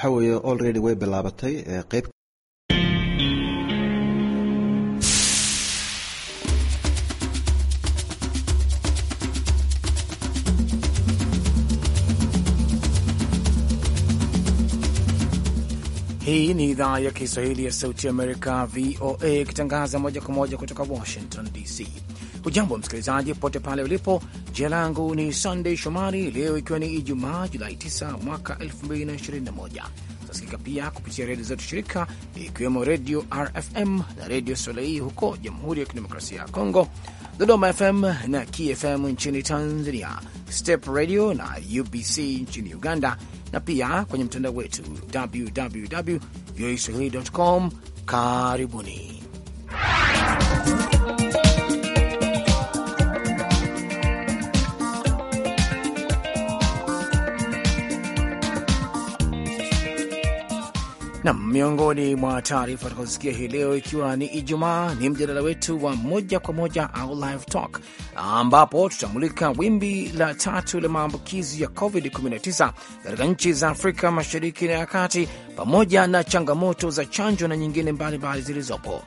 waxa weeye already way bilaabatay ee qeyb Hii ni idhaa ya Kiswahili ya Sauti Amerika, VOA, ikitangaza moja kwa moja kutoka Washington DC. Hujambo msikilizaji, popote pale ulipo. Jina langu ni Sunday Shomari, leo ikiwa ni Ijumaa Julai 9 mwaka 2021. Tunasikika pia kupitia redio zetu shirika, ikiwemo redio RFM na redio Solei huko Jamhuri ya Kidemokrasia ya Kongo, Dodoma FM na KFM nchini Tanzania, Step Radio na UBC nchini Uganda, na pia kwenye mtandao wetu www voaswahili.com. Karibuni. na miongoni mwa taarifa tutakazosikia hii leo, ikiwa ni Ijumaa, ni mjadala wetu wa moja kwa moja au live talk, ambapo tutamulika wimbi la tatu la maambukizi ya COVID-19 katika nchi za Afrika Mashariki na ya Kati, pamoja na changamoto za chanjo na nyingine mbalimbali zilizopo.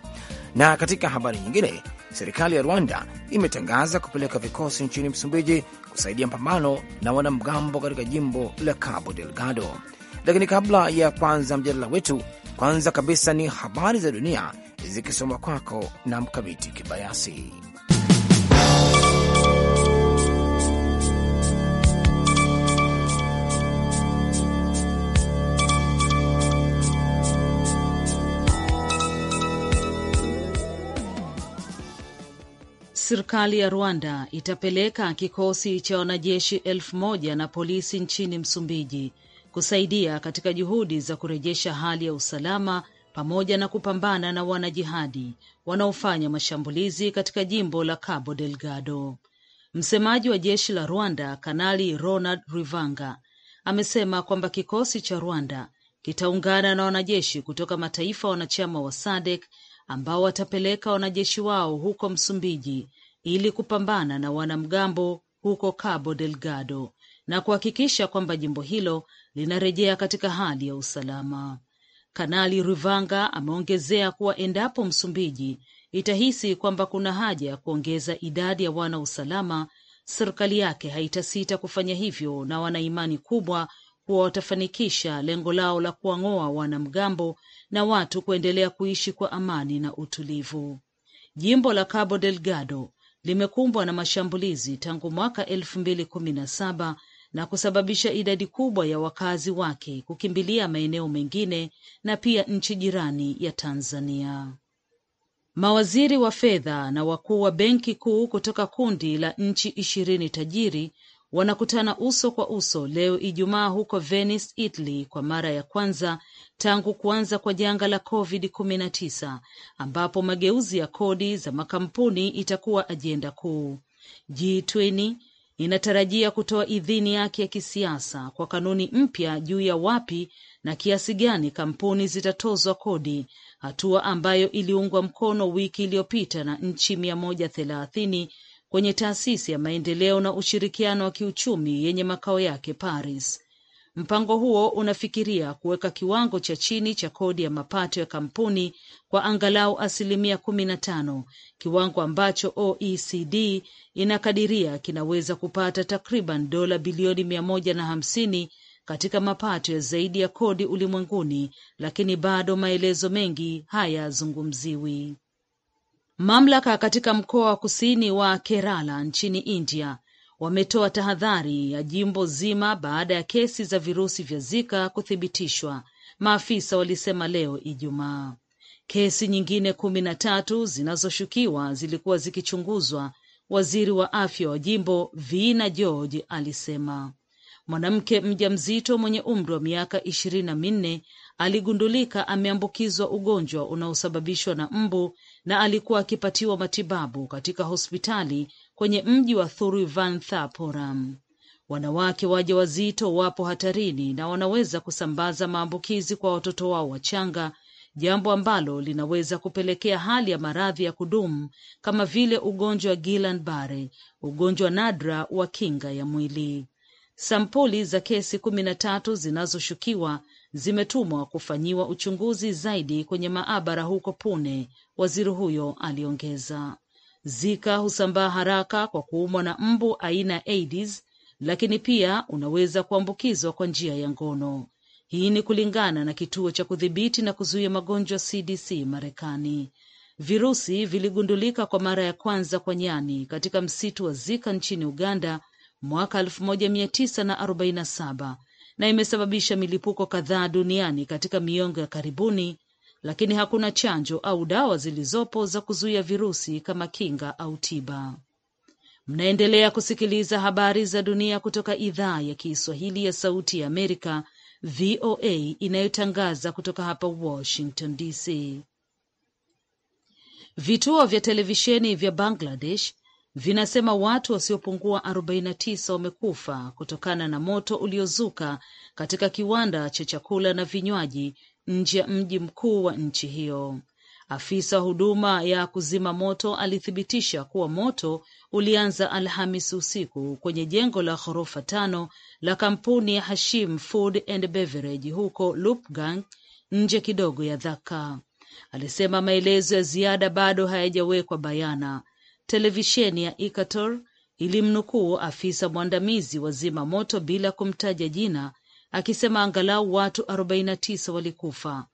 Na katika habari nyingine, serikali ya Rwanda imetangaza kupeleka vikosi nchini Msumbiji kusaidia mapambano na wanamgambo katika jimbo la Cabo Delgado. Lakini kabla ya kwanza mjadala wetu, kwanza kabisa ni habari za dunia zikisoma kwako na Mkamiti Kibayasi. Serikali ya Rwanda itapeleka kikosi cha wanajeshi elfu moja na polisi nchini Msumbiji kusaidia katika juhudi za kurejesha hali ya usalama pamoja na kupambana na wanajihadi wanaofanya mashambulizi katika jimbo la Cabo Delgado. Msemaji wa jeshi la Rwanda, Kanali Ronald Rivanga, amesema kwamba kikosi cha Rwanda kitaungana na wanajeshi kutoka mataifa wanachama wa SADC ambao watapeleka wanajeshi wao huko Msumbiji ili kupambana na wanamgambo huko Cabo Delgado na kuhakikisha kwamba jimbo hilo linarejea katika hali ya usalama. Kanali Ruvanga ameongezea kuwa endapo Msumbiji itahisi kwamba kuna haja ya kuongeza idadi ya wana usalama, serikali yake haitasita kufanya hivyo, na wana imani kubwa kuwa watafanikisha lengo lao la kuwang'oa wanamgambo na watu kuendelea kuishi kwa amani na utulivu. Jimbo la Cabo Delgado limekumbwa na mashambulizi tangu mwaka elfu mbili kumi na saba na kusababisha idadi kubwa ya wakazi wake kukimbilia maeneo mengine na pia nchi jirani ya Tanzania. Mawaziri wa fedha na wakuu wa benki kuu kutoka kundi la nchi ishirini tajiri wanakutana uso kwa uso leo Ijumaa huko Venice, Italy, kwa mara ya kwanza tangu kuanza kwa janga la COVID-19 ambapo mageuzi ya kodi za makampuni itakuwa ajenda kuu. G20 inatarajia kutoa idhini yake ya kisiasa kwa kanuni mpya juu ya wapi na kiasi gani kampuni zitatozwa kodi, hatua ambayo iliungwa mkono wiki iliyopita na nchi mia moja thelathini kwenye taasisi ya maendeleo na ushirikiano wa kiuchumi yenye makao yake Paris. Mpango huo unafikiria kuweka kiwango cha chini cha kodi ya mapato ya kampuni kwa angalau asilimia kumi na tano, kiwango ambacho OECD inakadiria kinaweza kupata takriban dola bilioni mia moja na hamsini katika mapato ya zaidi ya kodi ulimwenguni, lakini bado maelezo mengi hayazungumziwi. Mamlaka katika mkoa wa kusini wa Kerala nchini India wametoa tahadhari ya jimbo zima baada ya kesi za virusi vya Zika kuthibitishwa, maafisa walisema leo Ijumaa. Kesi nyingine kumi na tatu zinazoshukiwa zilikuwa zikichunguzwa, waziri wa afya wa jimbo Vina George alisema. Mwanamke mjamzito mwenye umri wa miaka ishirini na minne aligundulika ameambukizwa ugonjwa unaosababishwa na mbu na alikuwa akipatiwa matibabu katika hospitali kwenye mji wa Thiruvananthapuram. Wanawake wajawazito wapo hatarini na wanaweza kusambaza maambukizi kwa watoto wao wachanga, jambo ambalo linaweza kupelekea hali ya maradhi ya kudumu kama vile ugonjwa wa Guillain-Barre, ugonjwa nadra wa kinga ya mwili. Sampuli za kesi kumi na tatu zinazoshukiwa zimetumwa kufanyiwa uchunguzi zaidi kwenye maabara huko Pune, waziri huyo aliongeza. Zika husambaa haraka kwa kuumwa na mbu aina ya Aedes lakini pia unaweza kuambukizwa kwa njia ya ngono. Hii ni kulingana na kituo cha kudhibiti na kuzuia magonjwa CDC Marekani. Virusi viligundulika kwa mara ya kwanza kwa nyani katika msitu wa Zika nchini Uganda mwaka 1947 na imesababisha milipuko kadhaa duniani katika miongo ya karibuni lakini hakuna chanjo au dawa zilizopo za kuzuia virusi kama kinga au tiba. Mnaendelea kusikiliza habari za dunia kutoka idhaa ya Kiswahili ya Sauti ya Amerika, VOA, inayotangaza kutoka hapa Washington DC. Vituo vya televisheni vya Bangladesh vinasema watu wasiopungua 49 wamekufa kutokana na moto uliozuka katika kiwanda cha chakula na vinywaji nje ya mji mkuu wa nchi hiyo. Afisa huduma ya kuzima moto alithibitisha kuwa moto ulianza Alhamis usiku kwenye jengo la ghorofa tano la kampuni ya Hashim Food and Beverage huko Lupgang, nje kidogo ya Dhaka. Alisema maelezo ya ziada bado hayajawekwa bayana. Televisheni ya Ikator ilimnukuu afisa mwandamizi wa zima moto bila kumtaja jina akisema angalau watu 49 walikufa.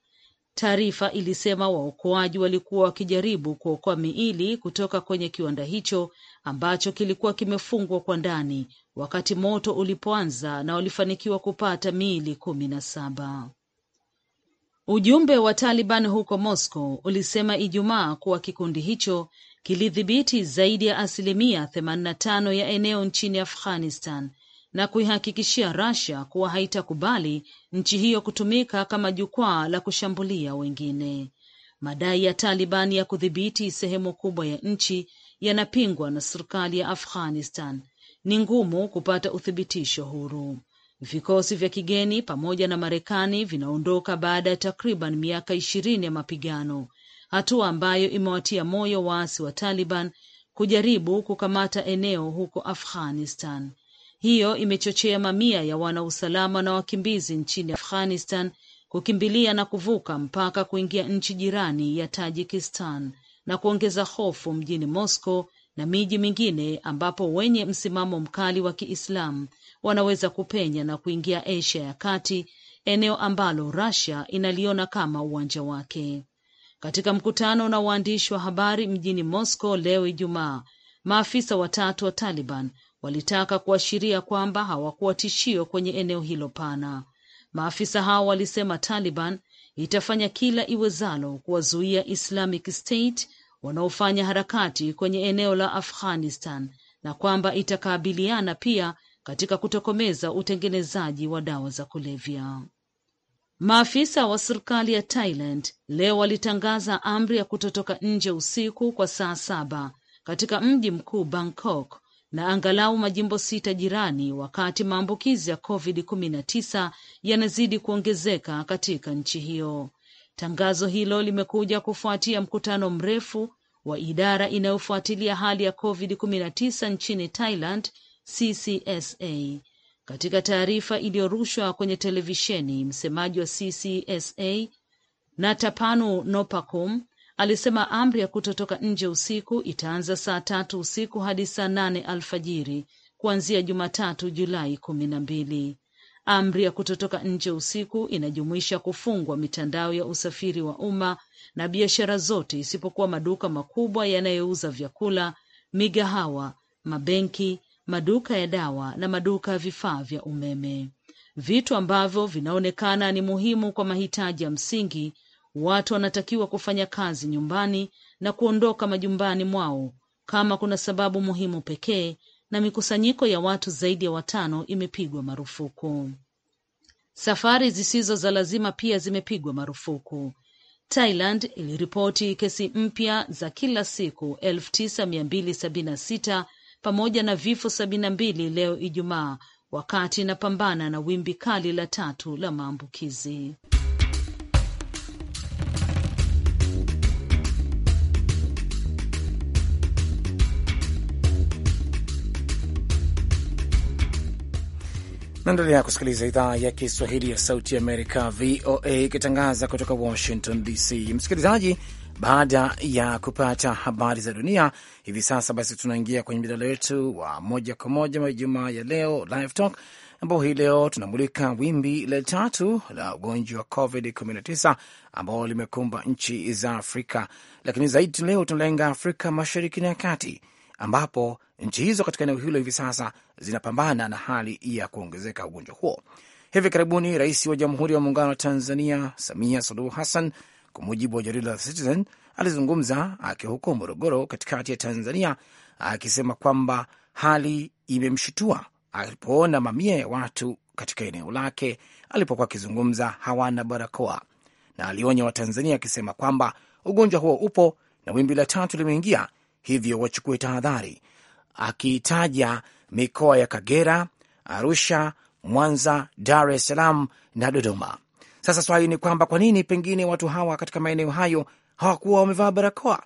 Taarifa ilisema waokoaji walikuwa wakijaribu kuokoa miili kutoka kwenye kiwanda hicho ambacho kilikuwa kimefungwa kwa ndani wakati moto ulipoanza na walifanikiwa kupata miili kumi na saba. Ujumbe wa Taliban huko Moscow ulisema Ijumaa kuwa kikundi hicho kilidhibiti zaidi ya asilimia 85 ya eneo nchini Afghanistan na kuihakikishia Russia kuwa haitakubali nchi hiyo kutumika kama jukwaa la kushambulia wengine. Madai ya Taliban ya kudhibiti sehemu kubwa ya nchi yanapingwa na serikali ya Afghanistan. Ni ngumu kupata uthibitisho huru. Vikosi vya kigeni pamoja na Marekani vinaondoka baada ya takriban miaka ishirini ya mapigano, hatua ambayo imewatia moyo waasi wa Taliban kujaribu kukamata eneo huko Afghanistan. Hiyo imechochea mamia ya wanausalama na wakimbizi nchini Afghanistan kukimbilia na kuvuka mpaka kuingia nchi jirani ya Tajikistan na kuongeza hofu mjini Moscow na miji mingine ambapo wenye msimamo mkali wa Kiislamu wanaweza kupenya na kuingia Asia ya Kati, eneo ambalo Russia inaliona kama uwanja wake. Katika mkutano na waandishi wa habari mjini Moscow leo Ijumaa, maafisa watatu wa Taliban walitaka kuashiria kwamba hawakuwa tishio kwenye eneo hilo pana. Maafisa hao walisema Taliban itafanya kila iwezalo kuwazuia Islamic State wanaofanya harakati kwenye eneo la Afghanistan na kwamba itakabiliana pia katika kutokomeza utengenezaji wa dawa za kulevya. Maafisa wa serikali ya Thailand leo walitangaza amri ya kutotoka nje usiku kwa saa saba katika mji mkuu Bangkok na angalau majimbo sita jirani wakati maambukizi ya COVID-19 yanazidi kuongezeka katika nchi hiyo. Tangazo hilo limekuja kufuatia mkutano mrefu wa idara inayofuatilia hali ya COVID-19 nchini Thailand, CCSA. Katika taarifa iliyorushwa kwenye televisheni, msemaji wa CCSA Natapanu Nopacom alisema amri ya kutotoka nje usiku itaanza saa tatu usiku hadi saa nane alfajiri kuanzia Jumatatu Julai kumi na mbili. Amri ya kutotoka nje usiku inajumuisha kufungwa mitandao ya usafiri wa umma na biashara zote isipokuwa maduka makubwa yanayouza vyakula, migahawa, mabenki, maduka ya dawa na maduka ya vifaa vya umeme, vitu ambavyo vinaonekana ni muhimu kwa mahitaji ya msingi Watu wanatakiwa kufanya kazi nyumbani na kuondoka majumbani mwao kama kuna sababu muhimu pekee, na mikusanyiko ya watu zaidi ya watano imepigwa marufuku. Safari zisizo za lazima pia zimepigwa marufuku. Thailand iliripoti kesi mpya za kila siku 9276 pamoja na vifo 72 leo Ijumaa, wakati inapambana na wimbi kali la tatu la maambukizi. Naendelea kusikiliza idhaa ya Kiswahili ya Sauti Amerika, VOA, ikitangaza kutoka Washington DC. Msikilizaji, baada ya kupata habari za dunia hivi sasa, basi tunaingia kwenye mjadala wetu wa moja kwa moja wa Ijumaa ya leo, Live Talk, ambao hii leo tunamulika wimbi la tatu la ugonjwa wa COVID-19 ambao limekumba nchi za Afrika, lakini zaidi leo tunalenga Afrika Mashariki na ya Kati, ambapo Nchi hizo katika eneo hilo hivi sasa zinapambana na hali ya kuongezeka ugonjwa huo. Hivi karibuni rais wa Jamhuri ya Muungano wa Tanzania Samia Suluhu Hassan, kwa mujibu wa jarida la Citizen, alizungumza akiwa huko Morogoro, katikati ya Tanzania, akisema kwamba hali imemshutua alipoona mamia ya watu katika eneo lake alipokuwa akizungumza hawana barakoa, na alionya Watanzania akisema kwamba ugonjwa huo upo na wimbi la tatu limeingia, hivyo wachukue tahadhari akiitaja mikoa ya Kagera, Arusha, Mwanza, Dar es Salaam na Dodoma. Sasa swali ni kwamba kwa nini pengine watu hawa katika maeneo hayo hawakuwa wamevaa barakoa?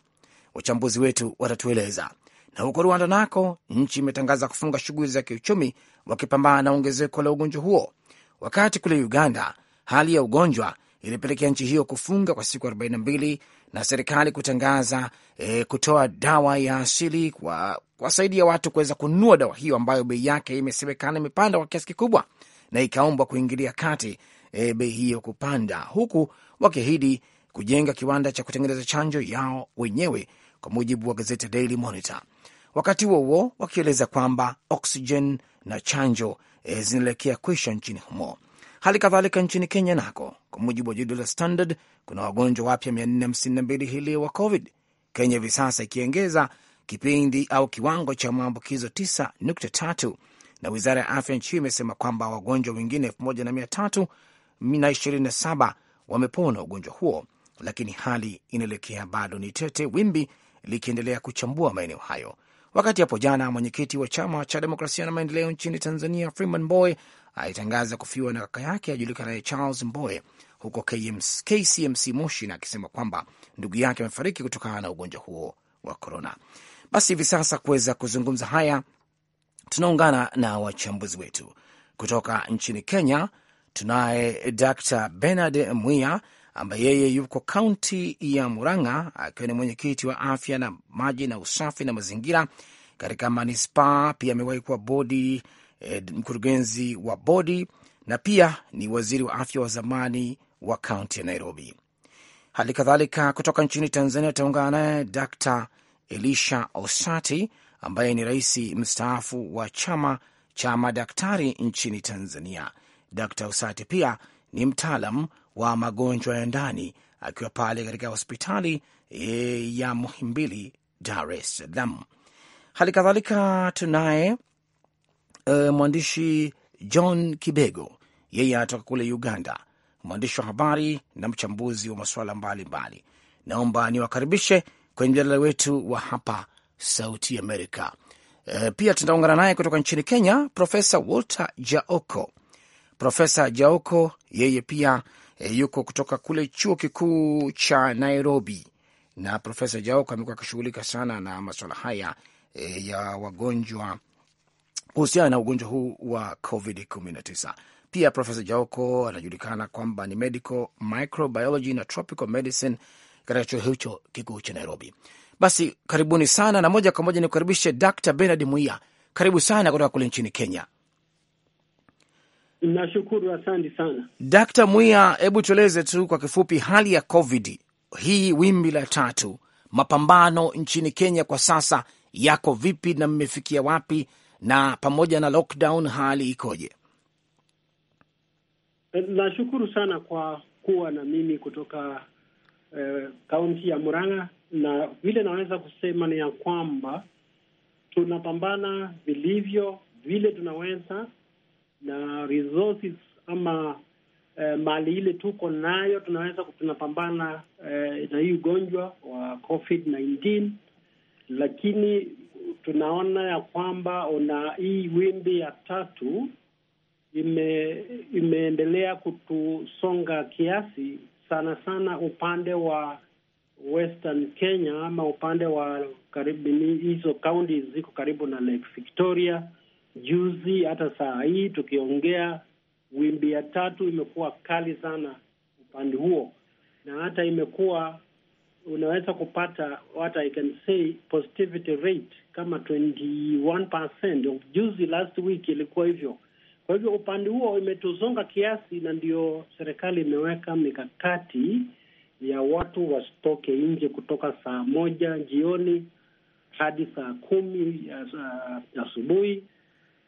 Wachambuzi wetu watatueleza. Na huko Rwanda nako nchi imetangaza kufunga shughuli za kiuchumi wakipambana na ongezeko la ugonjwa huo, wakati kule Uganda hali ya ugonjwa ilipelekea nchi hiyo kufunga kwa siku 42 na serikali kutangaza e, kutoa dawa ya asili kwa kuwasaidia watu kuweza kununua dawa hiyo ambayo bei yake imesemekana imepanda kwa kiasi kikubwa, na ikaombwa kuingilia kati e, bei hiyo kupanda, huku wakiahidi kujenga kiwanda cha kutengeneza chanjo yao wenyewe, kwa mujibu wa gazeti Daily Monitor. Wakati huo huo wakieleza kwamba oksijen na chanjo e, zinaelekea kwisha nchini humo. Hali kadhalika nchini Kenya nako kwa mujibu wa jarida la Standard kuna wagonjwa wapya 452 hii leo wa COVID, Kenya hivi sasa ikiongeza kipindi au kiwango cha maambukizo 9.3 na wizara ya afya nchi hiyo imesema kwamba wagonjwa wengine 1327 wamepona ugonjwa huo, lakini hali inaelekea bado ni tete, wimbi likiendelea kuchambua maeneo hayo. Wakati hapo jana mwenyekiti wa chama cha demokrasia na maendeleo nchini Tanzania Freeman Boy, alitangaza kufiwa na kaka yake ajulikanaye Charles Mboe huko KCMC Moshi, na akisema kwamba ndugu yake amefariki kutokana na ugonjwa huo wa korona. Basi hivi sasa kuweza kuzungumza haya, tunaungana na wachambuzi wetu kutoka nchini Kenya. Tunaye Dr Benard Mwia ambaye yeye yuko kaunti ya Murang'a akiwa ni mwenyekiti wa afya na maji na usafi na mazingira katika manispaa. Pia amewahi kuwa bodi Eh, mkurugenzi wa bodi na pia ni waziri wa afya wa zamani wa kaunti ya Nairobi. Hali kadhalika kutoka nchini Tanzania utaungana naye Dr Elisha Osati ambaye ni rais mstaafu wa chama cha madaktari nchini Tanzania. Dr Osati pia ni mtaalam wa magonjwa ya ndani akiwa pale katika hospitali e, ya Muhimbili, Dar es Salaam. Hali kadhalika tunaye uh, mwandishi John Kibego, yeye anatoka kule Uganda, mwandishi wa habari na mchambuzi wa masuala mbalimbali. Naomba niwakaribishe kwenye mjadala wetu wa hapa Sauti Amerika. Uh, pia tunaungana naye kutoka nchini Kenya, Profesa Walter Jaoko. Profesa Jaoko yeye pia e, yuko kutoka kule chuo kikuu cha Nairobi, na Profesa Jaoko amekuwa akishughulika sana na masuala haya e, ya wagonjwa kuhusiana na ugonjwa huu wa COVID-19. Pia Profesa Jaoko anajulikana kwamba ni medical microbiology na tropical medicine katika chuo hicho kikuu cha Nairobi. Basi karibuni sana, na moja kwa moja ni kukaribishe Dr Benard Muia, karibu sana kutoka kule nchini Kenya. Nashukuru, asante sana Dkt Mwia. Hebu tueleze tu kwa kifupi hali ya COVID hii wimbi la tatu, mapambano nchini Kenya kwa sasa yako vipi na mmefikia wapi, na pamoja na lockdown hali ikoje? Eh, nashukuru sana kwa kuwa na mimi kutoka eh, kaunti eh, ya Murang'a, na vile naweza kusema ni ya kwamba tunapambana vilivyo vile tunaweza na resources ama eh, mali ile tuko nayo tunaweza tunapambana eh, na hii ugonjwa wa COVID-19, lakini tunaona ya kwamba una hii wimbi ya tatu ime, imeendelea kutusonga kiasi sana sana upande wa Western Kenya ama upande wa karibu hizo kaunti ziko karibu na Lake Victoria. Juzi hata saa hii tukiongea, wimbi ya tatu imekuwa kali sana upande huo, na hata imekuwa unaweza kupata what I can say positivity rate kama 21% of juzi, last week ilikuwa hivyo. Kwa hivyo upande huo imetuzonga kiasi, na ndio serikali imeweka mikakati ya watu wasitoke nje kutoka saa moja jioni hadi saa kumi asubuhi,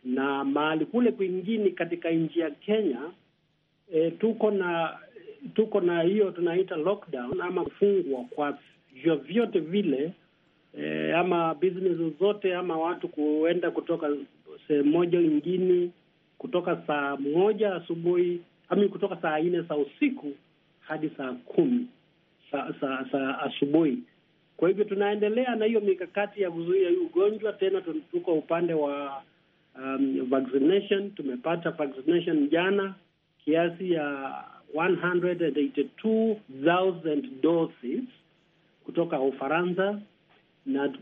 na mahali kule kwingine katika nchi ya Kenya. E, tuko na tuko na hiyo tunaita lockdown ama kufungwa kwa vyovyote vile e, ama business zote ama watu kuenda kutoka sehemu moja ingine kutoka saa moja asubuhi ama kutoka saa nne za usiku hadi saa kumi saa sa, sa asubuhi. Kwa hivyo tunaendelea na hiyo mikakati ya kuzuia hii ugonjwa. Tena tuko upande wa um, vaccination. Tumepata vaccination jana kiasi ya 182,000 doses kutoka Ufaransa na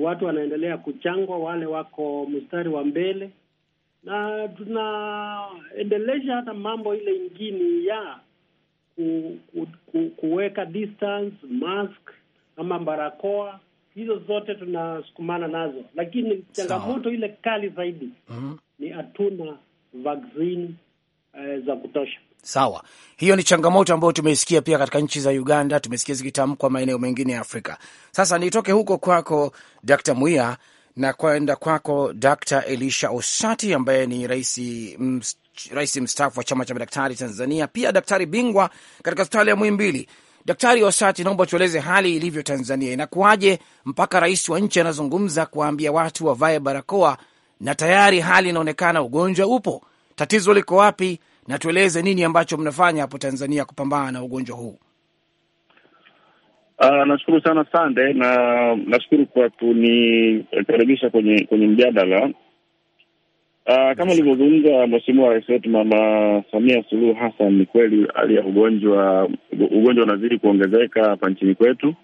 watu wanaendelea kuchangwa, wale wako mstari wa mbele, na tunaendelesha hata mambo ile ingine ya ku, ku, ku, kuweka distance, mask ama barakoa hizo zote tunasukumana nazo, lakini changamoto ile kali zaidi mm -hmm. ni hatuna vaccine eh, za kutosha. Sawa, hiyo ni changamoto ambayo tumeisikia pia katika nchi za Uganda, tumesikia zikitamkwa maeneo mengine ya Afrika. Sasa nitoke huko kwako Dkt. Mwia na kwenda kwako Dkt. Elisha Osati ambaye ni rais rais mstaafu wa chama cha madaktari Tanzania, pia daktari bingwa katika hospitali ya Muhimbili. Daktari Osati, naomba tueleze hali ilivyo Tanzania, inakuwaje mpaka rais wa nchi anazungumza kuwaambia watu wavae barakoa, na tayari hali inaonekana ugonjwa upo? Tatizo liko wapi? na tueleze nini ambacho mnafanya hapo Tanzania kupambana na ugonjwa huu. Uh, nashukuru sana Sande, na nashukuru kwa kunikaribisha kwenye kwenye mjadala. Uh, kama alivyozungumza Mheshimiwa Rais wetu Mama Samia Suluhu Hassan, ni kweli hali ya ugonjwa ugonjwa unazidi kuongezeka hapa nchini kwetu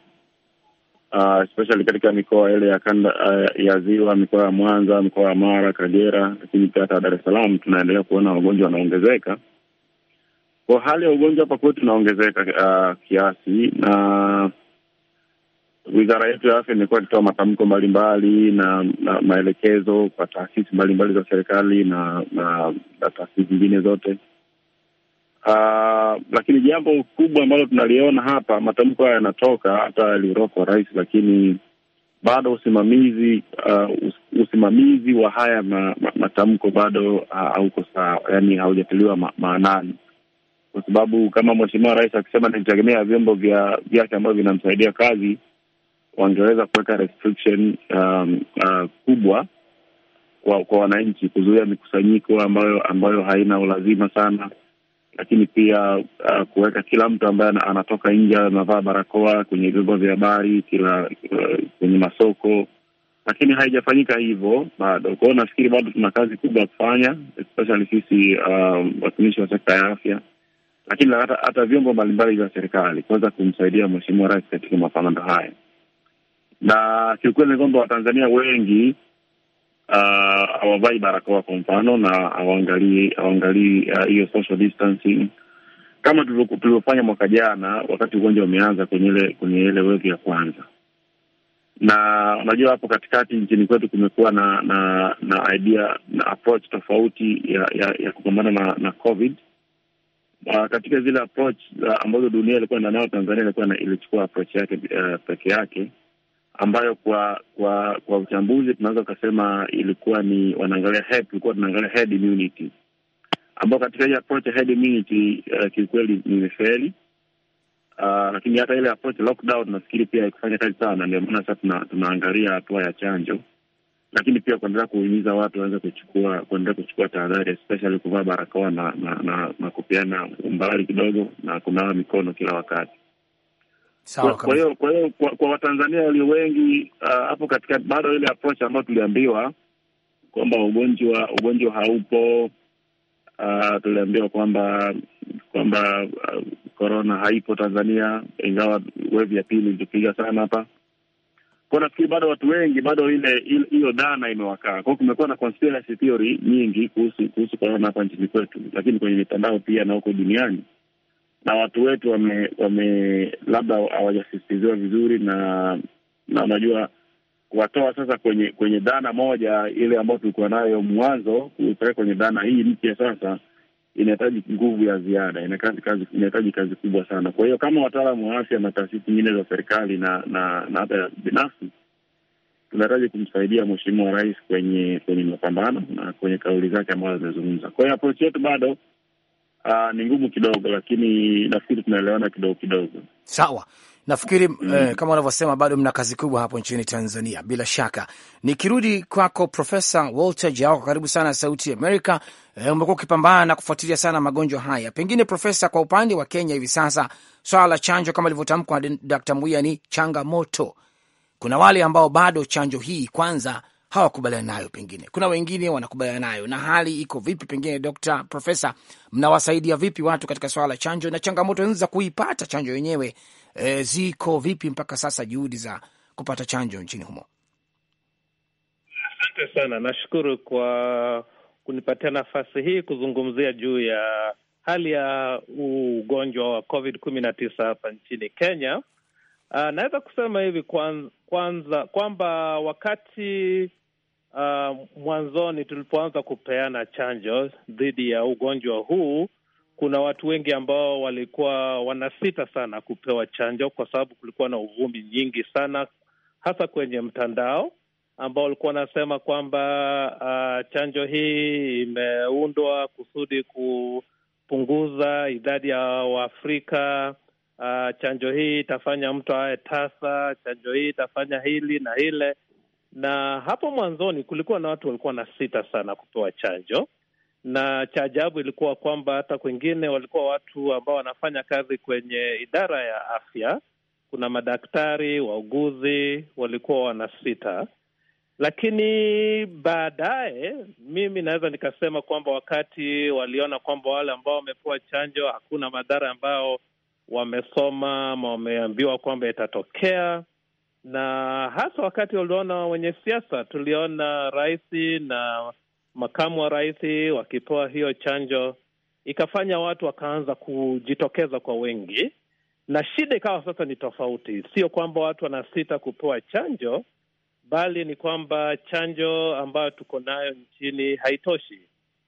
uh, especially katika mikoa ile ya kanda uh, ya ziwa, mikoa ya Mwanza, mikoa ya Mara, Kagera, lakini pia hata Dar es Salaam tunaendelea kuona wagonjwa wanaongezeka. Kwa hali ya ugonjwa hapa kwetu inaongezeka uh, kiasi, na wizara yetu ya afya imekuwa ikitoa matamko mbalimbali na, na maelekezo kwa taasisi mbalimbali za serikali na, na, na taasisi zingine zote Uh, lakini jambo kubwa ambalo tunaliona hapa, matamko haya yanatoka hata aliroko rais, lakini bado usimamizi uh, usimamizi wa haya ma, ma, matamko bado ah, hauko uh, sawa, yani haujatiliwa ma, maanani, kwa sababu kama mheshimiwa rais akisema nitegemea vyombo vya vyake ambavyo vinamsaidia kazi, wangeweza kuweka restriction um, uh, kubwa kwa, kwa wananchi kuzuia mikusanyiko ambayo ambayo haina ulazima sana lakini pia uh, kuweka kila mtu ambaye anatoka nje anavaa barakoa kwenye vyombo vya habari, kila uh, kwenye masoko, lakini haijafanyika hivyo bado. Kwa hiyo nafikiri bado tuna kazi kubwa ya kufanya, especially sisi um, watumishi wa sekta ya afya, lakini hata vyombo mbalimbali vya serikali kuweza kumsaidia mheshimiwa rais katika mapambano haya, na kiukweli ni kwamba Watanzania wengi Uh, hawavai uh, barakoa kwa mfano na hawaangalii hawaangalii uh, hiyo uh, social distancing kama tulivyofanya mwaka jana wakati ugonjwa umeanza kwenye ile kwenye ile wevu ya kwanza. Na unajua hapo katikati nchini kwetu kumekuwa na na na idea na approach tofauti ya ya, ya kupambana na na covid uh, katika zile approach uh, ambazo dunia ilikuwa nayo, Tanzania ilikuwa na, ilichukua approach yake uh, peke yake ambayo kwa kwa kwa uchambuzi tunaweza ukasema ilikuwa ni wanaangalia head, tulikuwa tunaangalia herd immunity, ambayo katika ile approach ya herd immunity uh, kiukweli nimefeli. Uh, ah, lakini hata ile approach lockdown nafikiri pia haikufanya kazi sana, ndio maana sasa tuna, tunaangalia hatua ya chanjo, lakini pia kuendelea kuhimiza watu waweze kuchukua kuendelea kuchukua tahadhari, especially kuvaa barakoa na na, na, na kupeana umbali kidogo na kunawa mikono kila wakati. Sawa Kwa hiyo kwa hiyo kwa, kwa Watanzania walio wengi uh, hapo uh, katika bado ile approach ambayo tuliambiwa kwamba ugonjwa ugonjwa haupo. Uh, tuliambiwa kwamba kwamba korona uh, haipo Tanzania, ingawa wevi ya pili ilitupiga sana hapa kwa nafikiri bado watu wengi bado ile hiyo dhana imewakaa kwao. Kumekuwa na conspiracy theory nyingi kuhusu kuhusu korona hapa nchini kwetu, lakini kwenye mitandao pia na huko duniani na watu wetu wame, wame labda hawajasisitiziwa vizuri, na na unajua kuwatoa sasa kwenye kwenye dhana moja ile ambayo tulikuwa nayo mwanzo, kupeleka kwenye dhana hii mpya sasa inahitaji nguvu ya ziada, inahitaji kazi kubwa sana. Kwa hiyo kama wataalamu wa afya na taasisi nyingine za serikali na na na hata binafsi, tunahitaji kumsaidia Mheshimiwa Rais kwenye kwenye mapambano na kwenye kauli zake ambazo zimezungumza. Kwa hiyo approach yetu bado Uh, ni ngumu kidogo, lakini nafikiri tunaelewana kidogo kidogo. Sawa, nafikiri eh, mm. Eh, kama unavyosema bado mna kazi kubwa hapo nchini Tanzania bila shaka. Nikirudi kwako Profesa Walter Jao, karibu sana Sauti ya Amerika. Eh, umekuwa ukipambana na kufuatilia sana magonjwa haya, pengine Profesa, kwa upande wa Kenya hivi sasa swala la chanjo kama ilivyotamkwa na Dr. Muia ni changamoto. Kuna wale ambao bado chanjo hii kwanza hawakubaliana nayo, pengine kuna wengine wanakubaliana nayo. Na hali iko vipi? Pengine Dr. Profesa, mnawasaidia vipi watu katika swala la chanjo na changamoto za kuipata chanjo yenyewe? E, ziko vipi mpaka sasa juhudi za kupata chanjo nchini humo? Asante sana, nashukuru kwa kunipatia nafasi hii kuzungumzia juu ya hali ya ugonjwa wa COVID kumi na tisa hapa nchini Kenya. Uh, naweza kusema hivi kwanza kwamba wakati uh, mwanzoni tulipoanza kupeana chanjo dhidi ya ugonjwa huu, kuna watu wengi ambao walikuwa wanasita sana kupewa chanjo kwa sababu kulikuwa na uvumi nyingi sana, hasa kwenye mtandao ambao walikuwa wanasema kwamba uh, chanjo hii imeundwa kusudi kupunguza idadi ya Waafrika. Uh, chanjo hii itafanya mtu awe tasa, chanjo hii itafanya hili na hile na hapo mwanzoni kulikuwa na watu walikuwa na sita sana kupewa chanjo, na cha ajabu ilikuwa kwamba hata kwengine walikuwa watu ambao wanafanya kazi kwenye idara ya afya, kuna madaktari, wauguzi walikuwa wana sita. Lakini baadaye mimi naweza nikasema kwamba wakati waliona kwamba wale ambao wamepewa chanjo hakuna madhara ambao wamesoma ama wameambiwa kwamba itatokea na hasa wakati uliona wenye siasa, tuliona rais na makamu wa rais wakipewa hiyo chanjo, ikafanya watu wakaanza kujitokeza kwa wengi, na shida ikawa sasa ni tofauti. Sio kwamba watu wanasita kupewa chanjo, bali ni kwamba chanjo ambayo tuko nayo nchini haitoshi,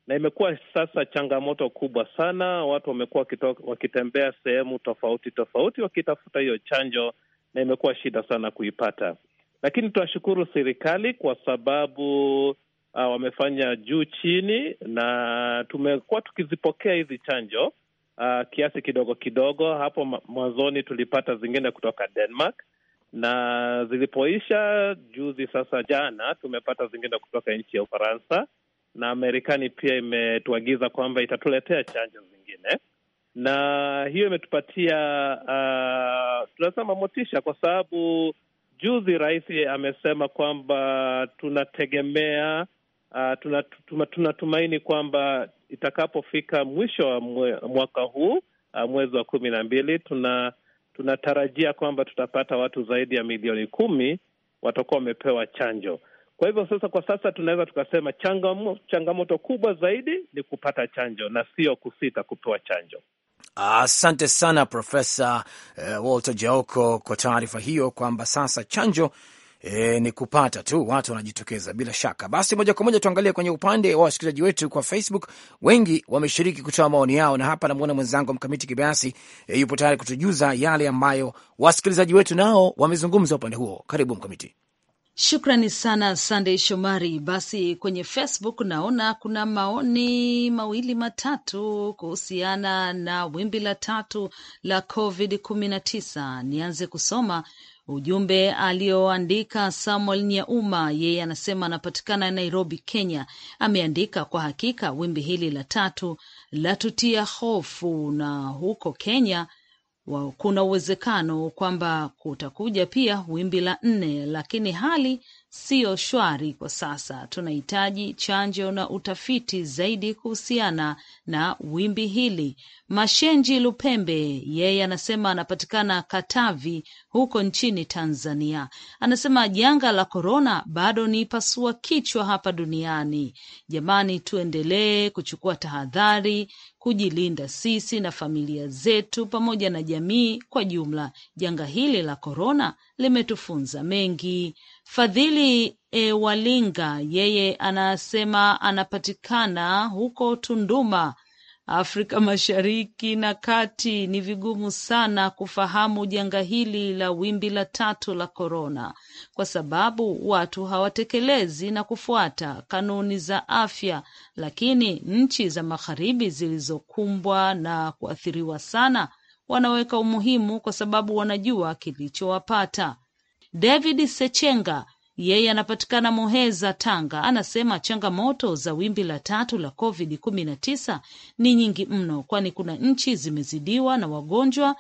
na imekuwa sasa changamoto kubwa sana. Watu wamekuwa wakitembea sehemu tofauti tofauti wakitafuta hiyo chanjo na imekuwa shida sana kuipata, lakini tunashukuru serikali kwa sababu uh, wamefanya juu chini, na tumekuwa tukizipokea hizi chanjo uh, kiasi kidogo kidogo. Hapo mwanzoni tulipata zingine kutoka Denmark na zilipoisha juzi, sasa jana tumepata zingine kutoka nchi ya Ufaransa na Marekani pia imetuagiza kwamba itatuletea chanjo zingine na hiyo imetupatia uh, tunasema motisha, kwa sababu juzi rais amesema kwamba tunategemea uh, tunatumaini kwamba itakapofika mwisho wa mwe, mwaka huu uh, mwezi wa kumi na mbili tuna tunatarajia kwamba tutapata watu zaidi ya milioni kumi watakuwa wamepewa chanjo. Kwa hivyo sasa, kwa sasa tunaweza tukasema changamoto kubwa zaidi ni kupata chanjo na sio kusita kupewa chanjo. Asante sana Profesa eh, Walter Jaoko kwa taarifa hiyo kwamba sasa chanjo E, ni kupata tu watu wanajitokeza bila shaka. Basi moja kwa moja tuangalie kwenye upande wa wasikilizaji wetu kwa Facebook. Wengi wameshiriki kutoa maoni yao, na hapa namwona mwenzangu Mkamiti Kibayasi e, yupo tayari kutujuza yale ambayo wasikilizaji wetu nao wamezungumza upande huo. Karibu Mkamiti. Shukrani sana Sandey Shomari. Basi kwenye Facebook naona kuna maoni mawili matatu kuhusiana na wimbi la tatu la COVID 19. Nianze kusoma ujumbe aliyoandika Samuel Nyauma, yeye anasema anapatikana Nairobi, Kenya. Ameandika, kwa hakika wimbi hili la tatu latutia hofu, na huko Kenya kuna uwezekano kwamba kutakuja pia wimbi la nne lakini hali siyo shwari kwa sasa. Tunahitaji chanjo na utafiti zaidi kuhusiana na wimbi hili. Mashenji Lupembe yeye anasema anapatikana Katavi huko nchini Tanzania. Anasema janga la korona bado ni pasua kichwa hapa duniani. Jamani, tuendelee kuchukua tahadhari, kujilinda sisi na familia zetu pamoja na jamii kwa jumla. Janga hili la korona limetufunza mengi fadhili ewalinga yeye anasema anapatikana huko tunduma afrika mashariki na kati ni vigumu sana kufahamu janga hili la wimbi la tatu la korona kwa sababu watu hawatekelezi na kufuata kanuni za afya lakini nchi za magharibi zilizokumbwa na kuathiriwa sana wanaweka umuhimu kwa sababu wanajua kilichowapata David Sechenga yeye anapatikana Muheza, Tanga, anasema changamoto za wimbi la tatu la Covid kumi ni nyingi mno, kwani kuna nchi zimezidiwa na wagonjwa,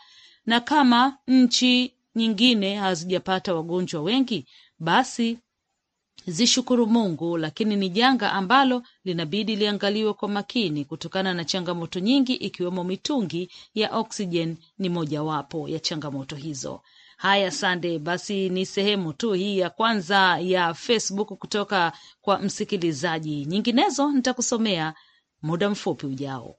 na kama nchi nyingine hazijapata wagonjwa wengi, basi zishukuru Mungu, lakini ni janga ambalo linabidi liangaliwe kwa makini kutokana na changamoto nyingi, ikiwemo mitungi ya oksijeni ni mojawapo ya changamoto hizo. Haya, Sande, basi ni sehemu tu hii ya kwanza ya Facebook kutoka kwa msikilizaji, nyinginezo nitakusomea muda mfupi ujao.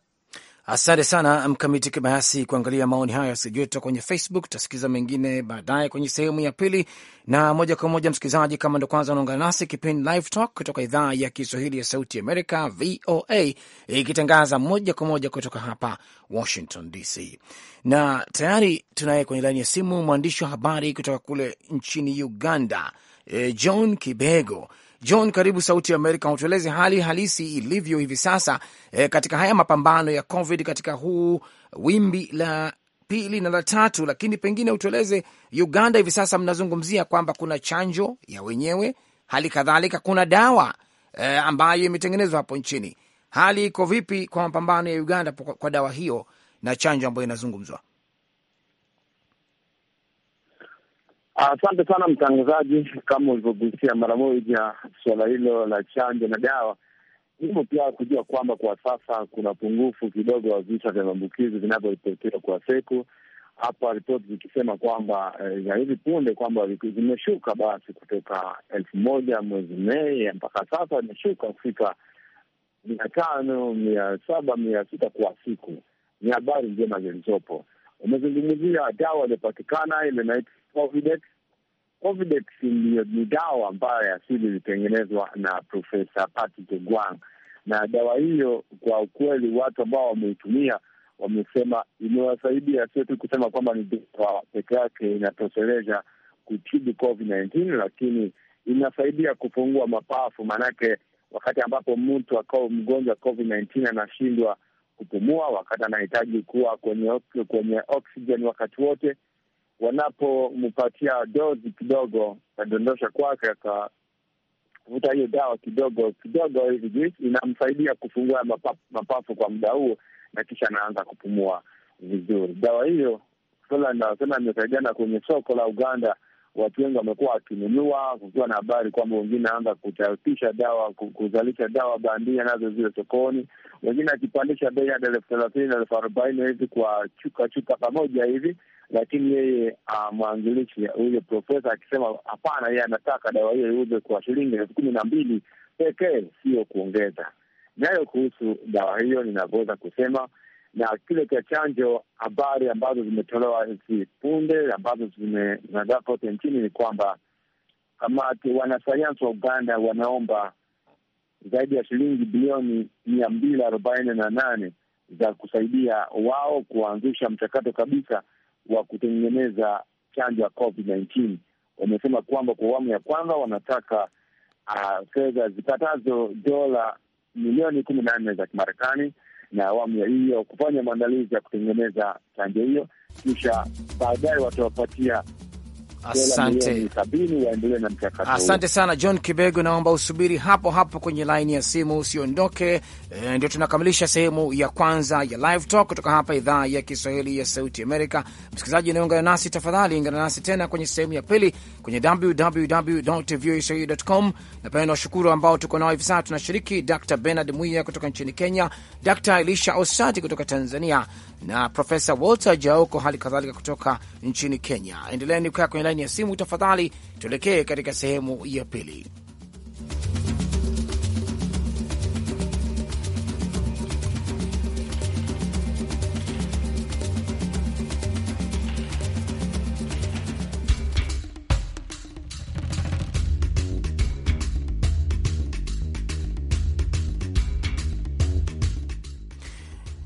Asante sana Mkamiti Kibayasi kuangalia maoni hayo yasiyojuta kwenye Facebook. Tasikiza mengine baadaye kwenye sehemu ya pili. Na moja kwa moja, msikilizaji, kama ndo kwanza unaungana nasi, kipindi Live Talk kutoka idhaa ya Kiswahili ya Sauti Amerika, VOA, ikitangaza moja kwa moja kutoka hapa Washington DC. Na tayari tunaye kwenye laini ya simu mwandishi wa habari kutoka kule nchini Uganda, eh, John Kibego. John, karibu Sauti ya Amerika, utueleze hali halisi ilivyo hivi sasa e, katika haya mapambano ya COVID katika huu wimbi la pili na la tatu, lakini pengine utueleze Uganda hivi sasa mnazungumzia kwamba kuna chanjo ya wenyewe, hali kadhalika kuna dawa e, ambayo imetengenezwa hapo nchini. Hali iko vipi kwa mapambano ya Uganda kwa dawa hiyo na chanjo ambayo inazungumzwa? Asante sana mtangazaji, kama ulivyogusia mara moja suala hilo la chanjo na dawa hivyo pia kujua kwamba kwa sasa kuna pungufu kidogo wa visa vya maambukizi vinavyoripotiwa kwa siku hapa, ripoti zikisema kwamba eh, za hivi punde kwamba zimeshuka basi kutoka elfu moja mwezi Mei mpaka sasa imeshuka kufika mia tano mia saba mia sita kwa siku. Ni habari njema zilizopo. Umezungumzia dawa iliyopatikana ile naitwa Covidex. Covidex ni dawa ambayo asili ilitengenezwa na Profesa Patrick Egwang, na dawa hiyo kwa ukweli, watu ambao wameitumia wamesema imewasaidia, sio tu kusema kwamba ni dawa peke yake inatosheleza kutibu Covid 19 lakini inasaidia kufungua mapafu, maanake wakati ambapo mtu akawa mgonjwa Covid 19 anashindwa kupumua, wakati anahitaji kuwa kwenye kwenye wakati wote, wanapompatia dozi kidogo, kadondosha kwake, akavuta hiyo dawa kidogo kidogo hivi inamsaidia kufungua mapafu, mapafu kwa muda huo, na kisha anaanza kupumua vizuri. Dawa hiyo nasema imesaidiana kwenye soko la Uganda, watu wengi wamekuwa wakinunua, kukiwa na habari kwamba wengine anaanza kuchapisha dawa, kuzalisha dawa bandia nazo zile sokoni, wengine akipandisha bei hadi elfu thelathini elfu arobaini hivi kwa chuka chuka pamoja hivi lakini yeye ah, mwanzilishi huyo profesa akisema hapana, yeye anataka dawa hiyo iuze kwa shilingi elfu kumi na mbili pekee, siyo kuongeza. Nayo kuhusu dawa hiyo ninavyoweza kusema na kile cha chanjo, habari ambazo zimetolewa hivi punde ambazo zimeaga kote nchini ni kwamba kamati wanasayansi wa Uganda wanaomba zaidi ya shilingi bilioni mia mbili arobaini na nane za kusaidia wao kuanzisha mchakato kabisa wa kutengeneza chanjo ya Covid 19 wamesema kwamba kwa awamu ya kwanza wanataka uh, fedha zipatazo dola milioni kumi na nne za Kimarekani na awamu ya hiyo kufanya maandalizi ya kutengeneza chanjo hiyo, kisha baadaye watawapatia Asante, asante sana John Kibego, naomba usubiri hapo hapo kwenye laini ya simu, usiondoke. E, ndio tunakamilisha sehemu ya kwanza ya Live Talk kutoka hapa idhaa ya Kiswahili ya Sauti Amerika. Msikilizaji unaungana nasi, tafadhali ungana nasi tena kwenye sehemu ya pili kwenye www.voaswahili.com. Napenda washukuru ambao tuko nao hivi sasa tunashiriki, Dr Bernard Mwiya kutoka nchini Kenya, Dr Elisha Osati kutoka Tanzania, na Profesa Walter Jaoko hali kadhalika kutoka nchini Kenya. Endeleeni kukaa kwenye laini ya simu tafadhali, tuelekee katika sehemu ya pili.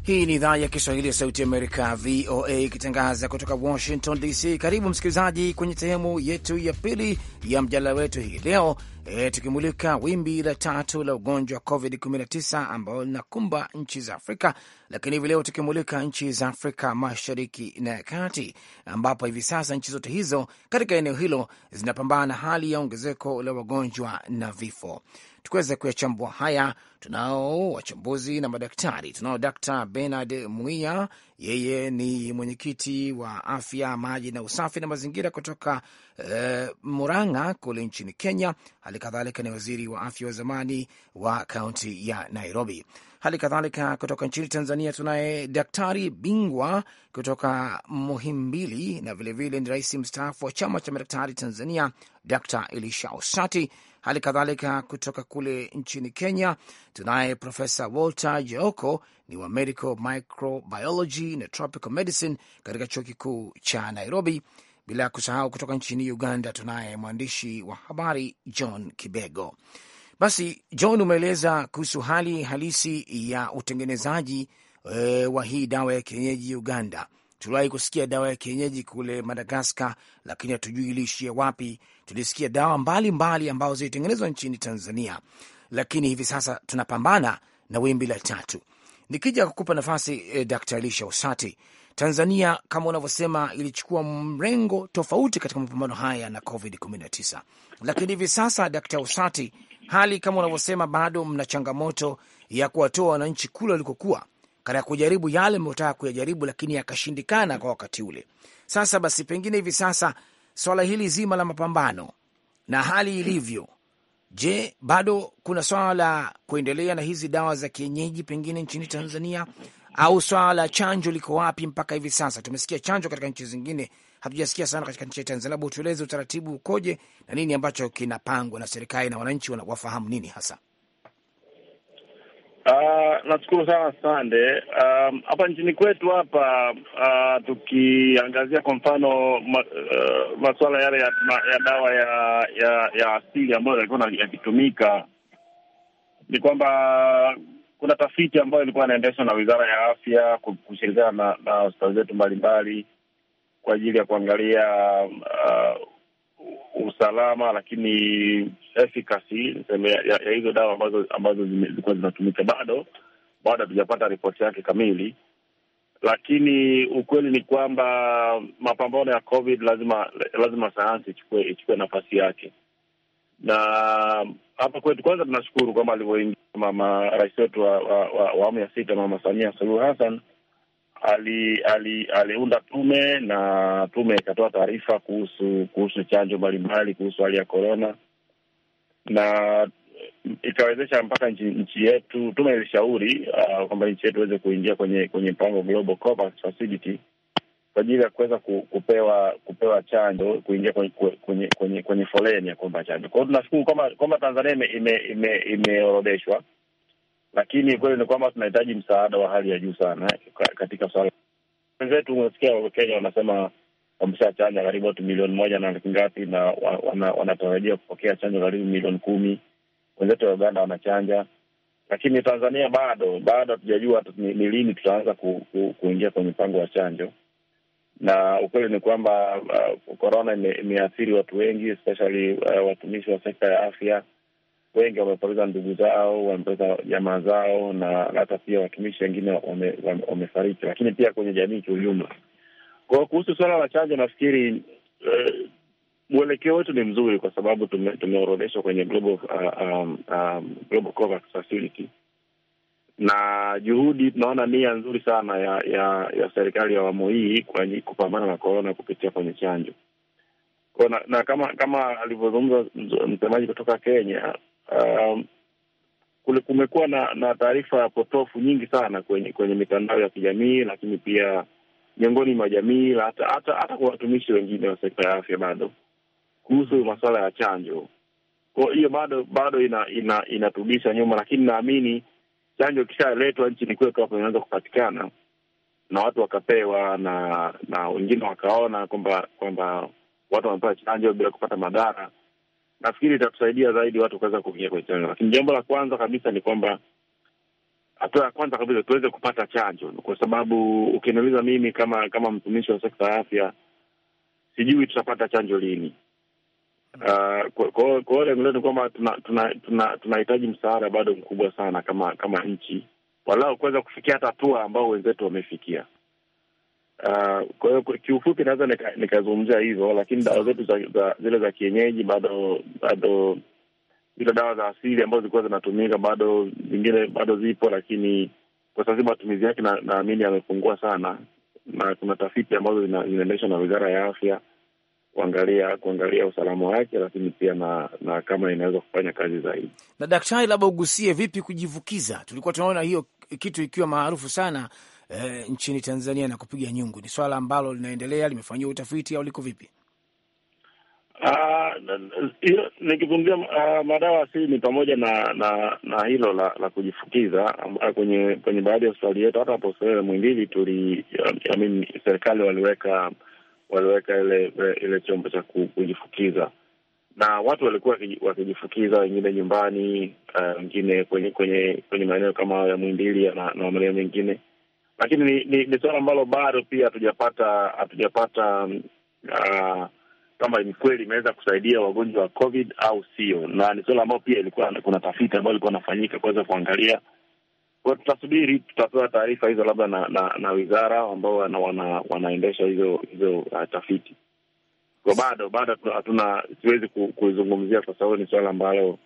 Hii ni idhaa ya Kiswahili ya Sauti Amerika, VOA, ikitangaza kutoka Washington DC. Karibu msikilizaji kwenye sehemu yetu ya pili ya mjadala wetu hii leo e, tukimulika wimbi la tatu la ugonjwa wa COVID-19 ambao linakumba nchi za Afrika, lakini hivi leo tukimulika nchi za Afrika Mashariki na ya Kati, ambapo hivi sasa nchi zote hizo katika eneo hilo zinapambana na hali ya ongezeko la wagonjwa na vifo tukiweza kuyachambua haya, tunao wachambuzi na madaktari. Tunao Dr Benard Mwia, yeye ni mwenyekiti wa afya, maji na usafi na mazingira kutoka uh, Murang'a kule nchini Kenya. Hali kadhalika ni waziri wa afya wa zamani wa kaunti ya Nairobi. Hali kadhalika kutoka nchini Tanzania tunaye daktari bingwa kutoka Muhimbili na vilevile ni rais mstaafu wa chama cha madaktari Tanzania, Dr Elisha Osati Hali kadhalika kutoka kule nchini Kenya tunaye Profesa Walter Jeoko, ni wa Medical Microbiology na Tropical Medicine katika chuo kikuu cha Nairobi, bila ya kusahau kutoka nchini Uganda tunaye mwandishi wa habari John Kibego. Basi John, umeeleza kuhusu hali halisi ya utengenezaji e, wa hii dawa ya kienyeji Uganda. Tuliwahi kusikia dawa ya kienyeji kule Madagaskar, lakini hatujui iliishia wapi. Tulisikia dawa mbalimbali ambazo zilitengenezwa nchini Tanzania, lakini hivi sasa tunapambana na wimbi la tatu. Nikija kukupa nafasi eh, Dkt. Elisha Usati, Tanzania kama unavyosema ilichukua mrengo tofauti katika mapambano haya na Covid 19, lakini hivi sasa Dkt. Usati, hali kama unavyosema bado mna changamoto ya kuwatoa wananchi kule walikokuwa katika kujaribu yale ameyotaka kuyajaribu, lakini yakashindikana kwa wakati ule. Sasa basi, pengine hivi sasa swala hili zima la mapambano na hali ilivyo, je, bado kuna swala la kuendelea na hizi dawa za kienyeji pengine nchini Tanzania au swala la chanjo liko wapi mpaka hivi sasa? Tumesikia chanjo katika nchi zingine, hatujasikia sana katika nchi ya Tanzania. Labda utueleze utaratibu ukoje na nini ambacho kinapangwa na serikali na wananchi wafahamu nini hasa? Uh, nashukuru sana sande. Um, hapa um, nchini kwetu hapa uh, tukiangazia kwa mfano ma, uh, eh, masuala yale ya, ma, ya dawa ya ya, ya asili ambayo yalikuwa yakitumika ni kwamba kuna tafiti ambayo ilikuwa inaendeshwa na Wizara ya Afya kushirikiana na hospitali zetu mbalimbali kwa ajili ya kuangalia uh, usalama lakini efficacy niseme ya, ya hizo dawa ambazo ambazo zilikuwa zinatumika bado bado hatujapata ripoti yake kamili, lakini ukweli ni kwamba mapambano ya COVID lazima lazima sayansi ichukue ichukue nafasi yake. Na hapa kwetu kwanza tunashukuru kwamba alivyoingia mama rais wetu wa awamu ya sita, Mama Samia Suluhu Hassan ali, ali, aliunda tume na tume ikatoa taarifa kuhusu kuhusu chanjo mbalimbali kuhusu hali ya korona, na ikawezesha mpaka nchi, nchi yetu tume ilishauri uh, kwamba nchi yetu iweze kuingia kwenye kwenye mpango Global Covax Facility kwa ajili ya kuweza kupewa kupewa chanjo kuingia kwenye kwenye kwenye, kwenye foleni ya kuomba chanjo. Kwa hiyo tunashukuru kwamba Tanzania imeorodheshwa ime, ime, ime lakini kweli ni kwamba tunahitaji msaada wa hali ya juu sana katika swala wenzetu. Unasikia Wakenya wanasema wamesha chanja karibu watu milioni moja na laki ngapi, na wanatarajia wana kupokea chanjo karibu milioni kumi. Wenzetu wa Uganda wanachanja, lakini Tanzania bado bado hatujajua ni, ni lini tutaanza ku, ku, kuingia kwenye mpango wa chanjo. Na ukweli ni kwamba korona uh, imeathiri watu wengi especially uh, watumishi wa sekta ya afya wengi wamepoteza ndugu zao, wamepoteza jamaa zao, na hata pia watumishi wengine wamefariki wame, lakini pia kwenye jamii kiujumla. Kwa kuhusu suala la chanjo, nafikiri eh, mwelekeo wetu ni mzuri kwa sababu tumeorodheshwa tume kwenye global, uh, um, um, global COVAX facility na juhudi tunaona nia nzuri sana ya ya, ya serikali ya awamu hii kupambana na korona kupitia kwenye chanjo na, na kama kama alivyozungumza msemaji kutoka Kenya, um, kule kumekuwa na, na taarifa potofu nyingi sana kwenye kwenye mitandao ya kijamii, lakini pia miongoni mwa jamii hata hata hata kwa watumishi wengine wa sekta ya afya bado kuhusu masuala ya chanjo. Kwa hiyo bado bado ina, ina, inaturudisha nyuma, lakini naamini chanjo ikishaletwa nchini kwetu hapo inaweza kupatikana na watu wakapewa na na wengine wakaona kwamba kwamba watu wamepewa chanjo bila kupata madhara nafikiri itatusaidia zaidi watu kuweza kuingia kwenye chanjo. Lakini jambo la kwanza kabisa ni kwamba hatua ya kwanza kabisa tuweze kupata chanjo, kwa sababu ukiniuliza mimi kama kama mtumishi wa sekta ya afya, sijui tutapata chanjo lini. Mm-hmm. Ah, kwao kwa hiyo lengo letu ni kwamba tunahitaji tuna, tuna, tuna msaada bado mkubwa sana kama kama nchi, walao kuweza kufikia hata hatua ambao wenzetu wamefikia. Uh, kwa hiyo kiufupi naweza nikazungumzia hivyo, lakini dawa zetu za, za, zile za kienyeji bado bado zile dawa za asili ambazo zilikuwa zinatumika bado zingine bado zipo, lakini kwa sasa matumizi yake naamini na yamepungua sana, na kuna tafiti ambazo zinaendeshwa na Wizara ya Afya kuangalia kuangalia usalama wake, lakini pia na, na kama inaweza kufanya kazi zaidi. Na daktari, labda ugusie vipi kujivukiza, tulikuwa tunaona hiyo kitu ikiwa maarufu sana e, nchini Tanzania na kupiga nyungu ni swala ambalo linaendelea, limefanyiwa utafiti au liko vipi? Ah, hiyo nikizungumzia uh, madawa asili ni pamoja na na na hilo la la kujifukiza ah, kwenye kwenye baadhi ya hospitali yetu. Hata hapo hospitali ya Muhimbili tuli I mean, serikali waliweka waliweka ile ile chombo cha kujifukiza na watu walikuwa wakijifukiza wengine nyumbani, wengine uh, kwenye kwenye kwenye maeneo kama ya Muhimbili na, na maeneo mengine lakini ni, ni, ni suala ambalo bado pia hatujapata hatujapata uh, kama ni kweli imeweza kusaidia wagonjwa wa COVID au sio, na ni suala ambalo pia ilikuwa kuna tafiti ambayo ilikuwa inafanyika kuweza kuangalia kwa tutasubiri, tutapewa taarifa hizo labda na, na, na wizara ambao wana, wana, wanaendesha hizo hizo uh, tafiti. Kwa bado bado hatuna, siwezi kuizungumzia kwa sababu ni suala ambalo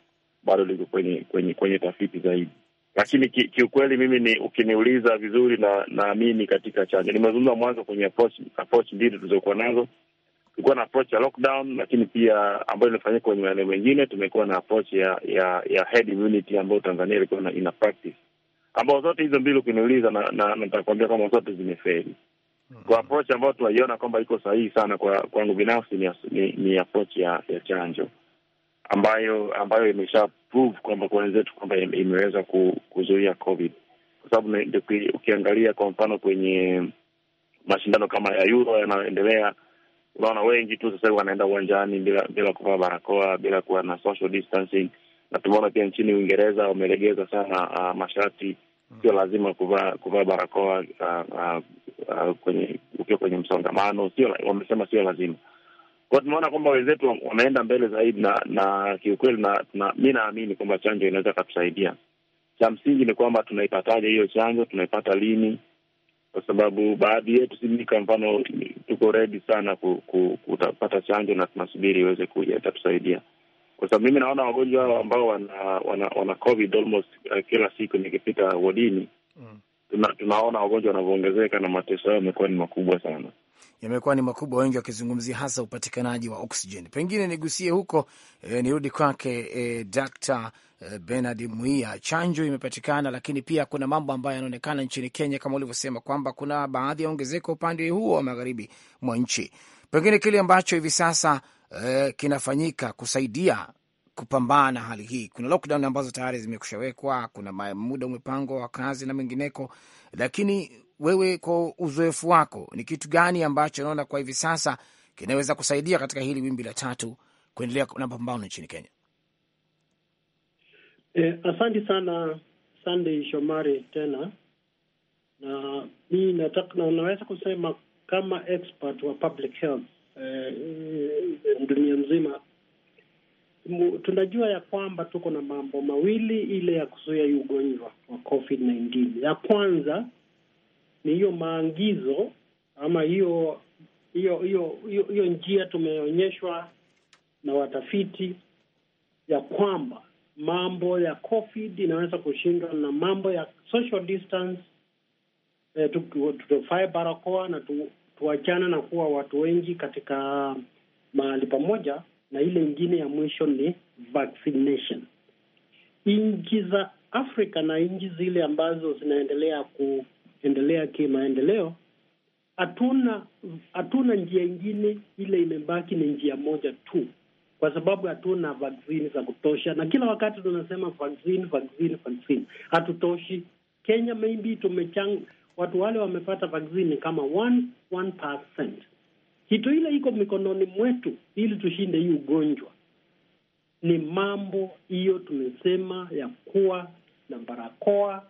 bado liko kwenye kwenye kwenye tafiti zaidi lakini ki, kiukweli mimi ni ukiniuliza vizuri, na naamini katika chanjo. Nimezungumza mwanzo kwenye approach, approach mbili tulizokuwa nazo. Tulikuwa na approach ya lockdown, lakini pia ambayo imefanyika kwenye maeneo mengine, tumekuwa na approach ya ya, ya herd immunity ambayo Tanzania ilikuwa ina practice, ambao zote hizo mbili ukiniuliza, na nitakwambia kwamba kama zote zimefeli mm-hmm. kwa approach ambayo tunaiona kwamba iko sahihi sana, kwa kwangu binafsi ni, ni, ni approach ya, ya chanjo ambayo ambayo imesha prove kwamba kwa wenzetu kwamba imeweza kuzuia COVID, kwa sababu ukiangalia kwa mfano kwenye mashindano kama ya Euro yanayoendelea, unaona wengi tu sasa wanaenda uwanjani bila bila kuvaa barakoa, bila kuwa na social distancing, na tumeona pia nchini Uingereza wamelegeza sana uh, masharti sio lazima kuvaa kuvaa barakoa uh, uh, uh, kwenye ukiwa kwenye msongamano, sio wamesema sio lazima kwa tumeona kwamba wenzetu wameenda mbele zaidi, na na kiukweli, na, na mi naamini kwamba chanjo inaweza ikatusaidia. Cha msingi ni kwamba tunaipataje hiyo chanjo, tunaipata lini? Kwa sababu baadhi yetu si kwa mfano tuko redi sana kutapata chanjo na tunasubiri iweze kuja, itatusaidia kwa sababu mimi naona wagonjwa hao ambao wana wana, wana covid almost uh, kila siku nikipita wodini mm. tuna, tunaona wagonjwa wanavyoongezeka na mateso yao yamekuwa ni makubwa sana yamekuwa ni makubwa, wengi wakizungumzia hasa upatikanaji wa oksijeni. Pengine nigusie huko e, nirudi kwake e, Dr. Eh, Benard Muia. Chanjo imepatikana, lakini pia kuna mambo ambayo yanaonekana nchini Kenya kama ulivyosema kwamba kuna baadhi ya ongezeko upande huo wa magharibi mwa nchi, pengine kile ambacho hivi sasa e, kinafanyika kusaidia kupambana na hali hii. Kuna lockdown ambazo tayari zimekushawekwa, kuna muda umepangwa wa kazi na mengineko, lakini wewe kwa uzoefu wako, ni kitu gani ambacho unaona kwa hivi sasa kinaweza kusaidia katika hili wimbi la tatu kuendelea na mapambano nchini Kenya? Eh, asante sana sandey Shomari tena na mi nataka na unaweza kusema kama expert wa public health eh, dunia mzima tunajua ya kwamba tuko na mambo mawili, ile ya kuzuia ugonjwa wa COVID-19. Ya kwanza ni hiyo maangizo ama hiyo hiyo hiyo hiyo njia tumeonyeshwa na watafiti ya kwamba mambo ya COVID inaweza kushindwa na mambo ya social distance. Eh, tuvae barakoa na tu, tuachana na kuwa watu wengi katika mahali pamoja, na ile ingine ya mwisho ni vaccination. Nchi za Afrika na nchi zile ambazo zinaendelea ku kuendelea kimaendeleo, hatuna hatuna njia ingine, ile imebaki ni njia moja tu, kwa sababu hatuna vaccine za kutosha, na kila wakati tunasema vaccine, vaccine, vaccine, hatutoshi. Kenya maybe tumechang watu wale wamepata vaccine kama 1%, 1%. Kitu ile iko mikononi mwetu ili tushinde hii ugonjwa ni mambo hiyo tumesema ya kuwa na barakoa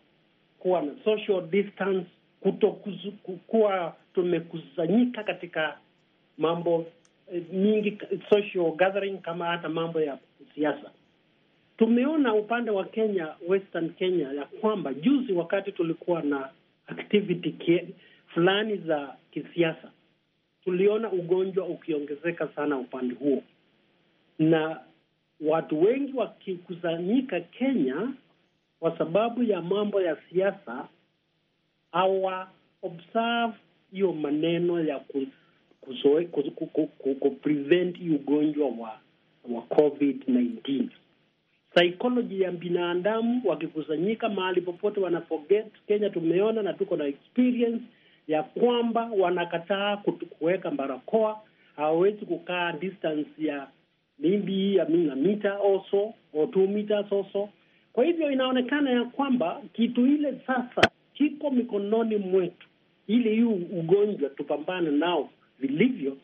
kuwa na social distance, kutokuwa tumekusanyika katika mambo eh, mingi social gathering, kama hata mambo ya siasa. Tumeona upande wa Kenya, Western Kenya, ya kwamba juzi wakati tulikuwa na activity fulani za kisiasa, tuliona ugonjwa ukiongezeka sana upande huo, na watu wengi wakikusanyika Kenya kwa sababu ya mambo ya siasa hawa observe hiyo maneno ya kuzoe, kuprevent hii ugonjwa wa wa COVID-19. Psychology ya binadamu wakikusanyika mahali popote, wana Kenya. Tumeona na tuko na experience ya kwamba wanakataa kuweka barakoa, hawawezi kukaa distance ya maybe ya mita also or two meters also kwa hivyo inaonekana ya kwamba kitu ile sasa kiko mikononi mwetu, ili huu ugonjwa tupambane nao vilivyo,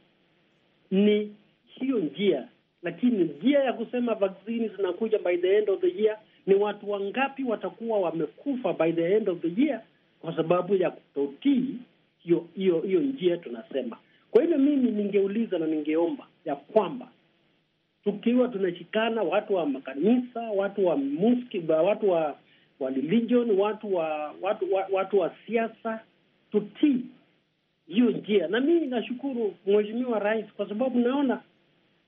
ni hiyo njia. Lakini njia ya kusema vaccine zinakuja by the end of the year, ni watu wangapi watakuwa wamekufa by the end of the year kwa sababu ya kutotii hiyo hiyo hiyo njia tunasema. Kwa hivyo mimi ningeuliza na ningeomba ya kwamba tukiwa tunashikana, watu wa makanisa, watu wa muski, watu wa wa religion, watu wa watu wa, watu wa siasa, tutii hiyo njia. Na mimi nashukuru Mheshimiwa Rais kwa sababu naona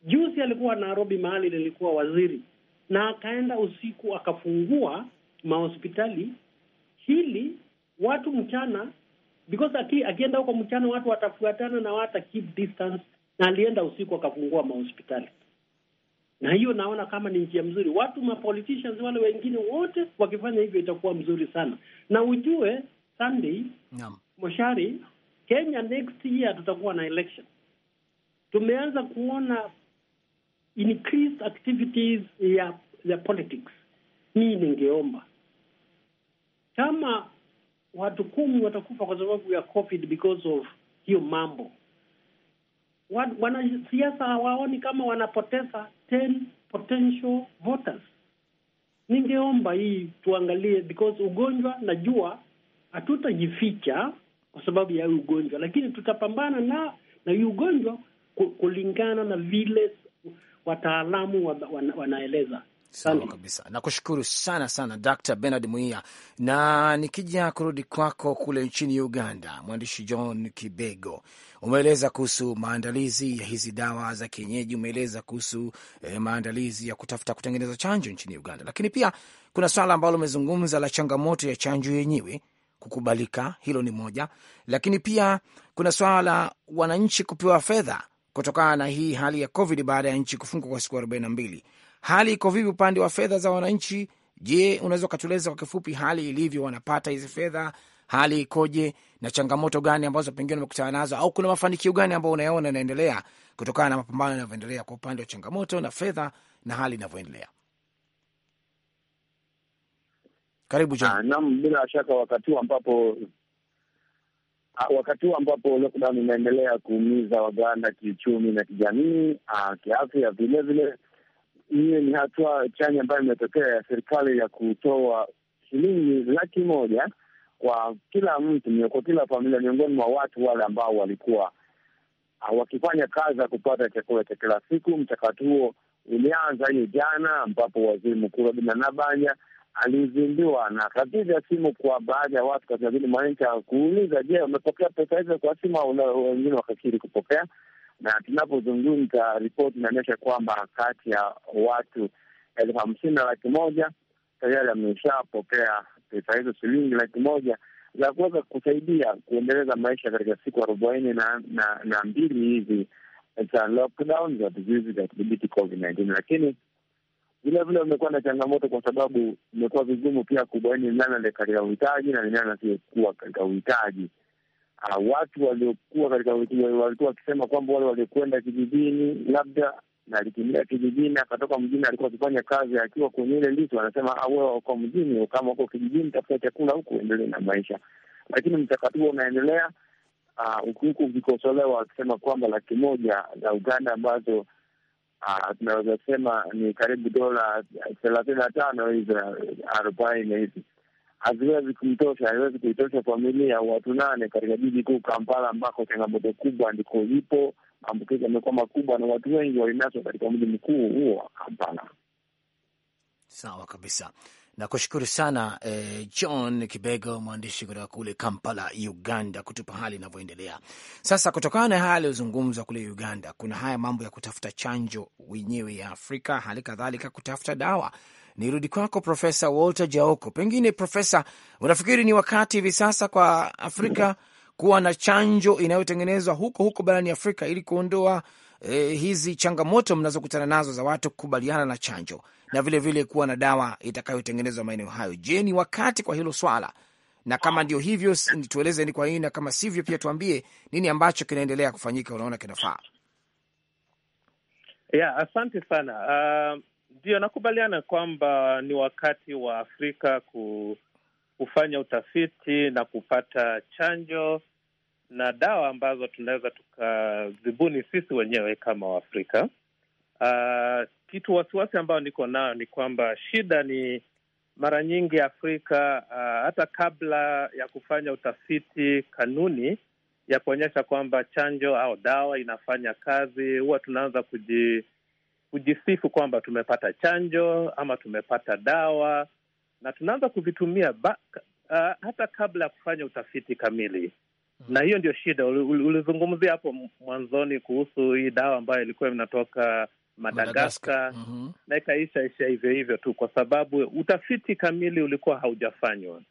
juzi alikuwa Nairobi mahali nilikuwa waziri, na akaenda usiku akafungua mahospitali hili watu mchana, because aki, akienda huko mchana watu watafuatana na wata keep distance, na alienda usiku akafungua mahospitali na hiyo naona kama ni njia mzuri. Watu ma politicians wale wengine wote wakifanya hivyo itakuwa mzuri sana, na ujue Sunday no. Moshari, Kenya next year tutakuwa na election. Tumeanza kuona increased activities ya ya politics. Mii ningeomba kama watu kumi watakufa kwa sababu ya COVID because of hiyo mambo wanasiasa hawaoni kama wanapoteza 10 potential voters. Ningeomba hii tuangalie, because ugonjwa najua hatutajificha kwa sababu ya hii ugonjwa, lakini tutapambana na na hii ugonjwa kulingana na vile wataalamu wanaeleza. Sawa kabisa, nakushukuru sana sana Dr. Bernard Muia, na nikija kurudi kwako kule nchini Uganda, mwandishi John Kibego, umeeleza kuhusu maandalizi ya hizi dawa za kienyeji, umeeleza kuhusu eh, maandalizi ya kutafuta kutengeneza chanjo nchini Uganda, lakini pia kuna swala ambalo umezungumza la changamoto ya chanjo yenyewe kukubalika. Hilo ni moja, lakini pia kuna swala la wananchi kupewa fedha kutokana na hii hali ya COVID baada ya nchi kufungwa kwa siku arobaini na mbili. Hali iko vipi upande wa fedha za wananchi? Je, unaweza ukatueleza kwa kifupi hali ilivyo, wanapata hizi fedha, hali ikoje na changamoto gani ambazo pengine umekutana nazo, au kuna mafanikio gani ambayo unayaona yanaendelea kutokana na mapambano yanavyoendelea kwa upande wa changamoto na fedha na hali inavyoendelea? Karibu ah, naam, bila shaka wakati huu ambapo ah, wakati huu ambapo lockdown inaendelea kuumiza Waganda kiuchumi na kijamii, ah, kiafya vilevile hiyo ni hatua chanya ambayo imetokea ya serikali ya kutoa shilingi laki moja kwa kila mtu, kwa kila familia, miongoni mwa watu wale ambao walikuwa ah, wakifanya kazi ya kupata chakula cha kila siku. Mchakato huo ulianza hiyo jana, ambapo waziri mkuu Robinah Nabanja alizindua na ya simu kwa baadhi ya watu kaskazini mwa nchi kuuliza, je, wamepokea pesa hizo kwa simu au wengine wakakiri kupokea na tunapozungumza, ripoti inaonyesha kwamba kati ya watu elfu hamsini na laki moja tayari ameshapokea pesa hizo shilingi laki moja za kuweza kusaidia kuendeleza maisha katika siku arobaini na, na, na mbili hizi za lockdown za vizuizi vya kudhibiti Covid 19 lakini vilevile umekuwa na changamoto kwa sababu imekuwa vigumu pia kubaini ni nani katika uhitaji na ni nani asiyekuwa katika uhitaji uh, watu waliokuwa katika walikuwa wakisema kwamba wale waliokwenda kijijini labda na alikimbia kijijini akatoka mjini, alikuwa akifanya kazi akiwa kwenye ile lisu, wanasema ah, wewe wako mjini, kama uko kijijini tafuta chakula huku, endelee na maisha. Lakini mchakato huo unaendelea ah, huku uh, ukikosolewa wakisema kwamba laki moja za Uganda ambazo uh, tunaweza sema ni karibu dola thelathini na tano hizo arobaini hizi haziwezi kuitosha, haiwezi kuitosha familia watu nane katika jiji kuu Kampala, ambako changamoto kubwa ndiko ipo. Maambukizi yamekuwa makubwa na watu wengi walinaswa katika mji mkuu huo wa Kampala. Sawa kabisa, nakushukuru sana eh, John Kibego, mwandishi kutoka kule Kampala, Uganda, kutupa hali inavyoendelea sasa. Kutokana na haya yaliyozungumzwa kule Uganda, kuna haya mambo ya kutafuta chanjo wenyewe ya Afrika, hali kadhalika kutafuta dawa nirudi kwako Profesa Walter Jaoko. Pengine Profesa, unafikiri ni wakati hivi sasa kwa Afrika kuwa na chanjo inayotengenezwa huko huko barani Afrika ili kuondoa eh, hizi changamoto mnazokutana nazo za watu kukubaliana na chanjo na vilevile vile kuwa na dawa itakayotengenezwa maeneo hayo? Je, ni wakati kwa hilo swala? Na kama ndio hivyo, tueleze ni kwa nini, na kama sivyo, pia tuambie nini ambacho kinaendelea kufanyika, unaona kinafaa. Yeah, asante sana. Uh, ndio, nakubaliana kwamba ni wakati wa Afrika kufanya utafiti na kupata chanjo na dawa ambazo tunaweza tukazibuni sisi wenyewe kama Waafrika. Uh, kitu wasiwasi ambayo niko nayo ni kwamba shida ni mara nyingi Afrika, uh, hata kabla ya kufanya utafiti, kanuni ya kuonyesha kwamba chanjo au dawa inafanya kazi, huwa tunaanza kuji kujisifu kwamba tumepata chanjo ama tumepata dawa na tunaanza kuvitumia ba, uh, hata kabla ya kufanya utafiti kamili hmm. Na hiyo ndio shida ulizungumzia hapo mwanzoni kuhusu hii dawa ambayo ilikuwa inatoka Madagaskar mm-hmm. na ikaisha isha hivyo hivyo tu, kwa sababu utafiti kamili ulikuwa haujafanywa,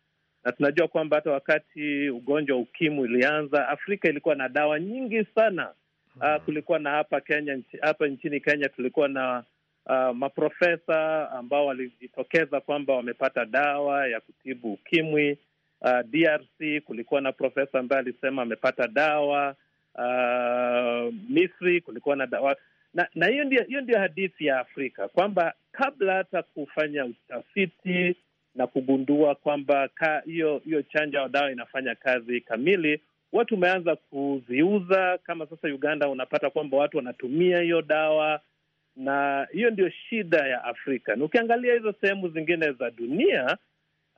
na tunajua kwamba hata wakati ugonjwa wa ukimwi ulianza, Afrika ilikuwa na dawa nyingi sana uh, kulikuwa na hapa Kenya, hapa nchini Kenya tulikuwa na uh, maprofesa ambao walijitokeza kwamba wamepata dawa ya kutibu ukimwi. Uh, ah, DRC kulikuwa na profesa ambaye alisema amepata dawa. Uh, Misri kulikuwa na dawa na, na hiyo ndio hiyo ndio hadithi ya Afrika kwamba kabla hata kufanya utafiti na kugundua kwamba hiyo hiyo chanja ya dawa inafanya kazi kamili, watu wameanza kuziuza. Kama sasa Uganda, unapata kwamba watu wanatumia hiyo dawa, na hiyo ndio shida ya Afrika. Na ukiangalia hizo sehemu zingine za dunia,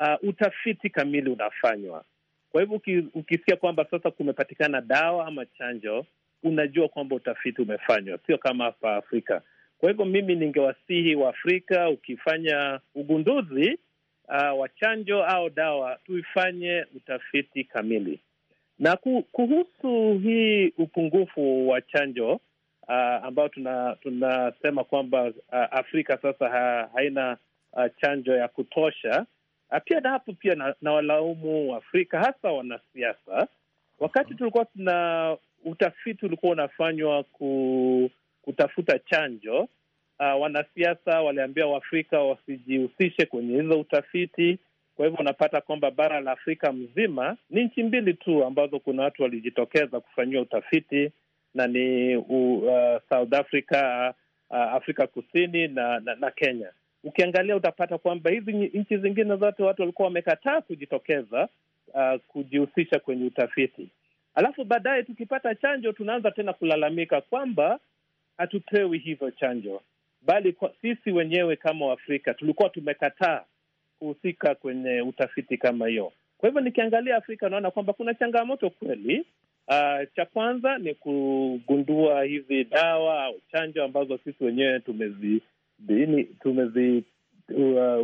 uh, utafiti kamili unafanywa. Kwa hivyo ukisikia kwamba sasa kumepatikana dawa ama chanjo, unajua kwamba utafiti umefanywa, sio kama hapa Afrika. Kwa hivyo mimi ningewasihi Waafrika, ukifanya ugunduzi uh, wa chanjo au dawa, tuifanye utafiti kamili. Na kuhusu hii upungufu wa chanjo uh, ambao tunasema tuna kwamba uh, Afrika sasa ha, haina uh, chanjo ya kutosha uh, pia na hapo pia na, na walaumu Afrika hasa wanasiasa. Wakati tulikuwa tuna utafiti ulikuwa unafanywa ku, kutafuta chanjo uh, wanasiasa waliambia Waafrika wasijihusishe kwenye hizo utafiti kwa hivyo unapata kwamba bara la Afrika mzima ni nchi mbili tu ambazo kuna watu walijitokeza kufanyia utafiti na ni uh, South Africa, uh, Afrika Kusini na, na, na Kenya. Ukiangalia utapata kwamba hizi nchi zingine zote watu walikuwa wamekataa kujitokeza uh, kujihusisha kwenye utafiti. Alafu baadaye tukipata chanjo tunaanza tena kulalamika kwamba hatupewi hizo chanjo, bali kwa sisi wenyewe kama Waafrika tulikuwa tumekataa kuhusika kwenye utafiti kama hiyo. Kwa hivyo nikiangalia Afrika naona kwamba kuna changamoto kweli. Uh, cha kwanza ni kugundua hizi dawa au chanjo ambazo sisi wenyewe tumeziunda tumezi,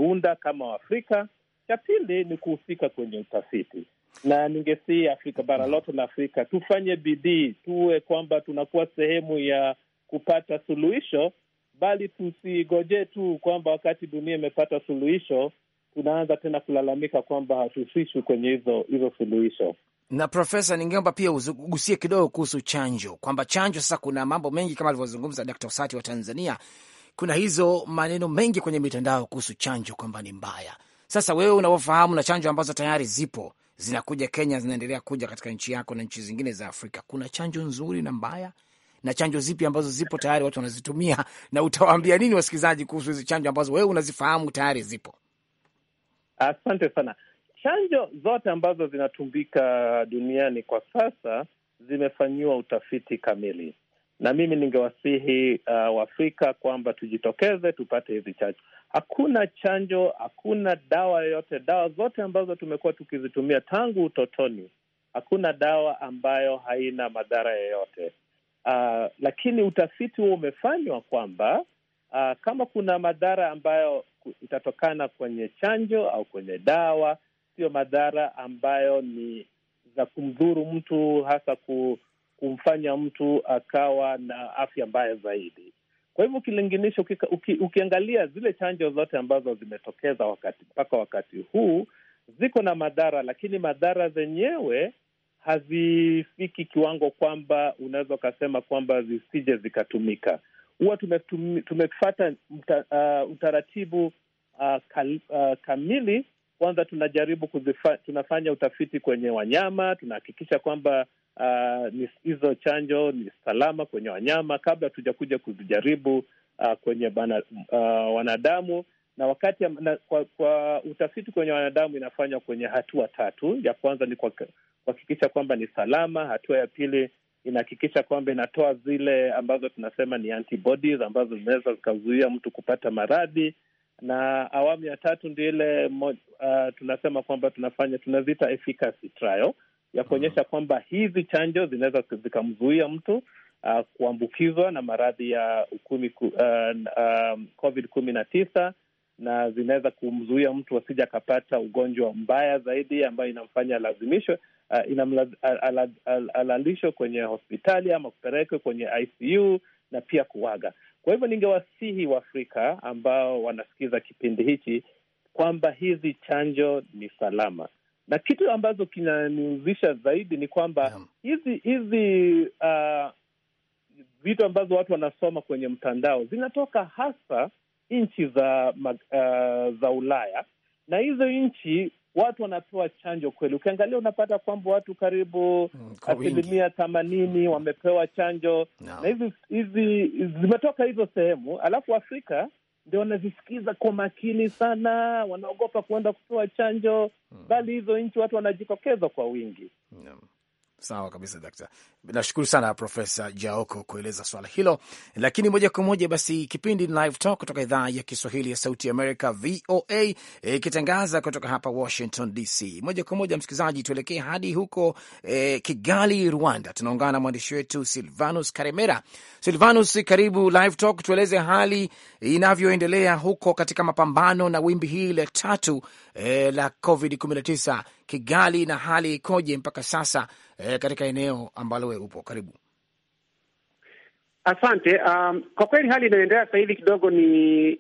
uh, kama Waafrika. Cha pili ni kuhusika kwenye utafiti, na ningesii Afrika, bara lote la Afrika tufanye bidii, tuwe kwamba tunakuwa sehemu ya kupata suluhisho, bali tusigojee tu kwamba wakati dunia imepata suluhisho tunaanza tena kulalamika kwamba hatuhusishwi kwenye hizo hizo suluhisho. Na Profesa, ningeomba pia ugusie kidogo kuhusu chanjo, kwamba chanjo sasa kuna mambo mengi kama alivyozungumza Dr. Sati wa Tanzania, kuna hizo maneno mengi kwenye mitandao kuhusu chanjo kwamba ni mbaya. Sasa wewe unavyofahamu, na chanjo ambazo tayari zipo zinakuja Kenya, zinaendelea kuja katika nchi yako na nchi zingine za Afrika, kuna chanjo nzuri na mbaya na chanjo zipi ambazo zipo tayari watu wanazitumia, na utawaambia nini wasikilizaji kuhusu hizi chanjo ambazo wewe unazifahamu tayari zipo? Asante sana. Chanjo zote ambazo zinatumika duniani kwa sasa zimefanyiwa utafiti kamili, na mimi ningewasihi uh, Waafrika kwamba tujitokeze tupate hizi chanjo. Hakuna chanjo, hakuna dawa yoyote, dawa zote ambazo tumekuwa tukizitumia tangu utotoni, hakuna dawa ambayo haina madhara yoyote. Uh, lakini utafiti huo umefanywa kwamba uh, kama kuna madhara ambayo itatokana kwenye chanjo au kwenye dawa, sio madhara ambayo ni za kumdhuru mtu, hasa kumfanya mtu akawa na afya mbaya zaidi. Kwa hivyo ukilinganisha, uki, ukiangalia zile chanjo zote ambazo zimetokeza wakati mpaka wakati huu ziko na madhara, lakini madhara zenyewe hazifiki kiwango kwamba unaweza ukasema kwamba zisije zikatumika huwa tumefata mta, uh, utaratibu uh, kal, uh, kamili. Kwanza tunajaribu kuzifa, tunafanya utafiti kwenye wanyama, tunahakikisha kwamba uh, hizo uh, chanjo ni salama kwenye wanyama kabla tujakuja kuzijaribu uh, kwenye bana, uh, wanadamu na wakati ya, na, kwa, kwa utafiti kwenye wanadamu inafanywa kwenye hatua tatu. Ya kwanza ni kuhakikisha kwa kwamba ni salama. Hatua ya pili inahakikisha kwamba inatoa zile ambazo tunasema ni antibodies ambazo zinaweza zikazuia mtu kupata maradhi, na awamu ya tatu ndio ile uh, tunasema kwamba tunafanya tunaziita efficacy trial ya kuonyesha mm-hmm. kwamba hizi chanjo zinaweza zikamzuia mtu uh, kuambukizwa na maradhi ya ukumi ku, uh, uh, um, covid kumi na tisa na zinaweza kumzuia mtu asije akapata ugonjwa mbaya zaidi ambayo inamfanya lazimishwe uh, inalalishwa kwenye hospitali ama kupelekwe kwenye ICU na pia kuwaga. Kwa hivyo ningewasihi Waafrika ambao wanasikiza kipindi hichi kwamba hizi chanjo ni salama, na kitu ambacho kinaniuzisha zaidi ni kwamba hizi hizi uh, vitu ambazo watu wanasoma kwenye mtandao zinatoka hasa nchi za uh, za Ulaya na hizo nchi watu wanapewa chanjo kweli. Ukiangalia unapata kwamba watu karibu mm, asilimia themanini mm. wamepewa chanjo no. na hizi hizi zimetoka hizo sehemu, alafu Afrika ndio wanazisikiza kwa makini sana, wanaogopa kuenda kupewa chanjo, mm. bali hizo nchi watu wanajitokeza kwa wingi no. Sawa kabisa daktari, nashukuru sana Profesa Jaoko kueleza swala hilo. Lakini moja kwa moja basi, kipindi Live Talk kutoka idhaa ya Kiswahili ya Sauti Amerika, VOA, ikitangaza e, kutoka hapa Washington DC. Moja kwa moja, msikilizaji, tuelekee hadi huko e, Kigali, Rwanda. Tunaungana na mwandishi wetu Silvanus Karemera. Silvanus, karibu Live Talk, tueleze hali inavyoendelea huko katika mapambano na wimbi hili la tatu e, la COVID 19 Kigali na hali ikoje mpaka sasa eh, katika eneo ambalo wewe upo karibu? Asante. Um, kwa kweli hali inayoendelea sasa hivi kidogo ni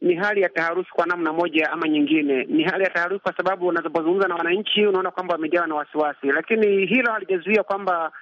ni hali ya taharuki kwa namna moja ama nyingine. Ni hali ya taharuki kwa sababu unapozungumza na wananchi unaona kwamba wamejawa na wasiwasi, lakini hilo halijazuia kwamba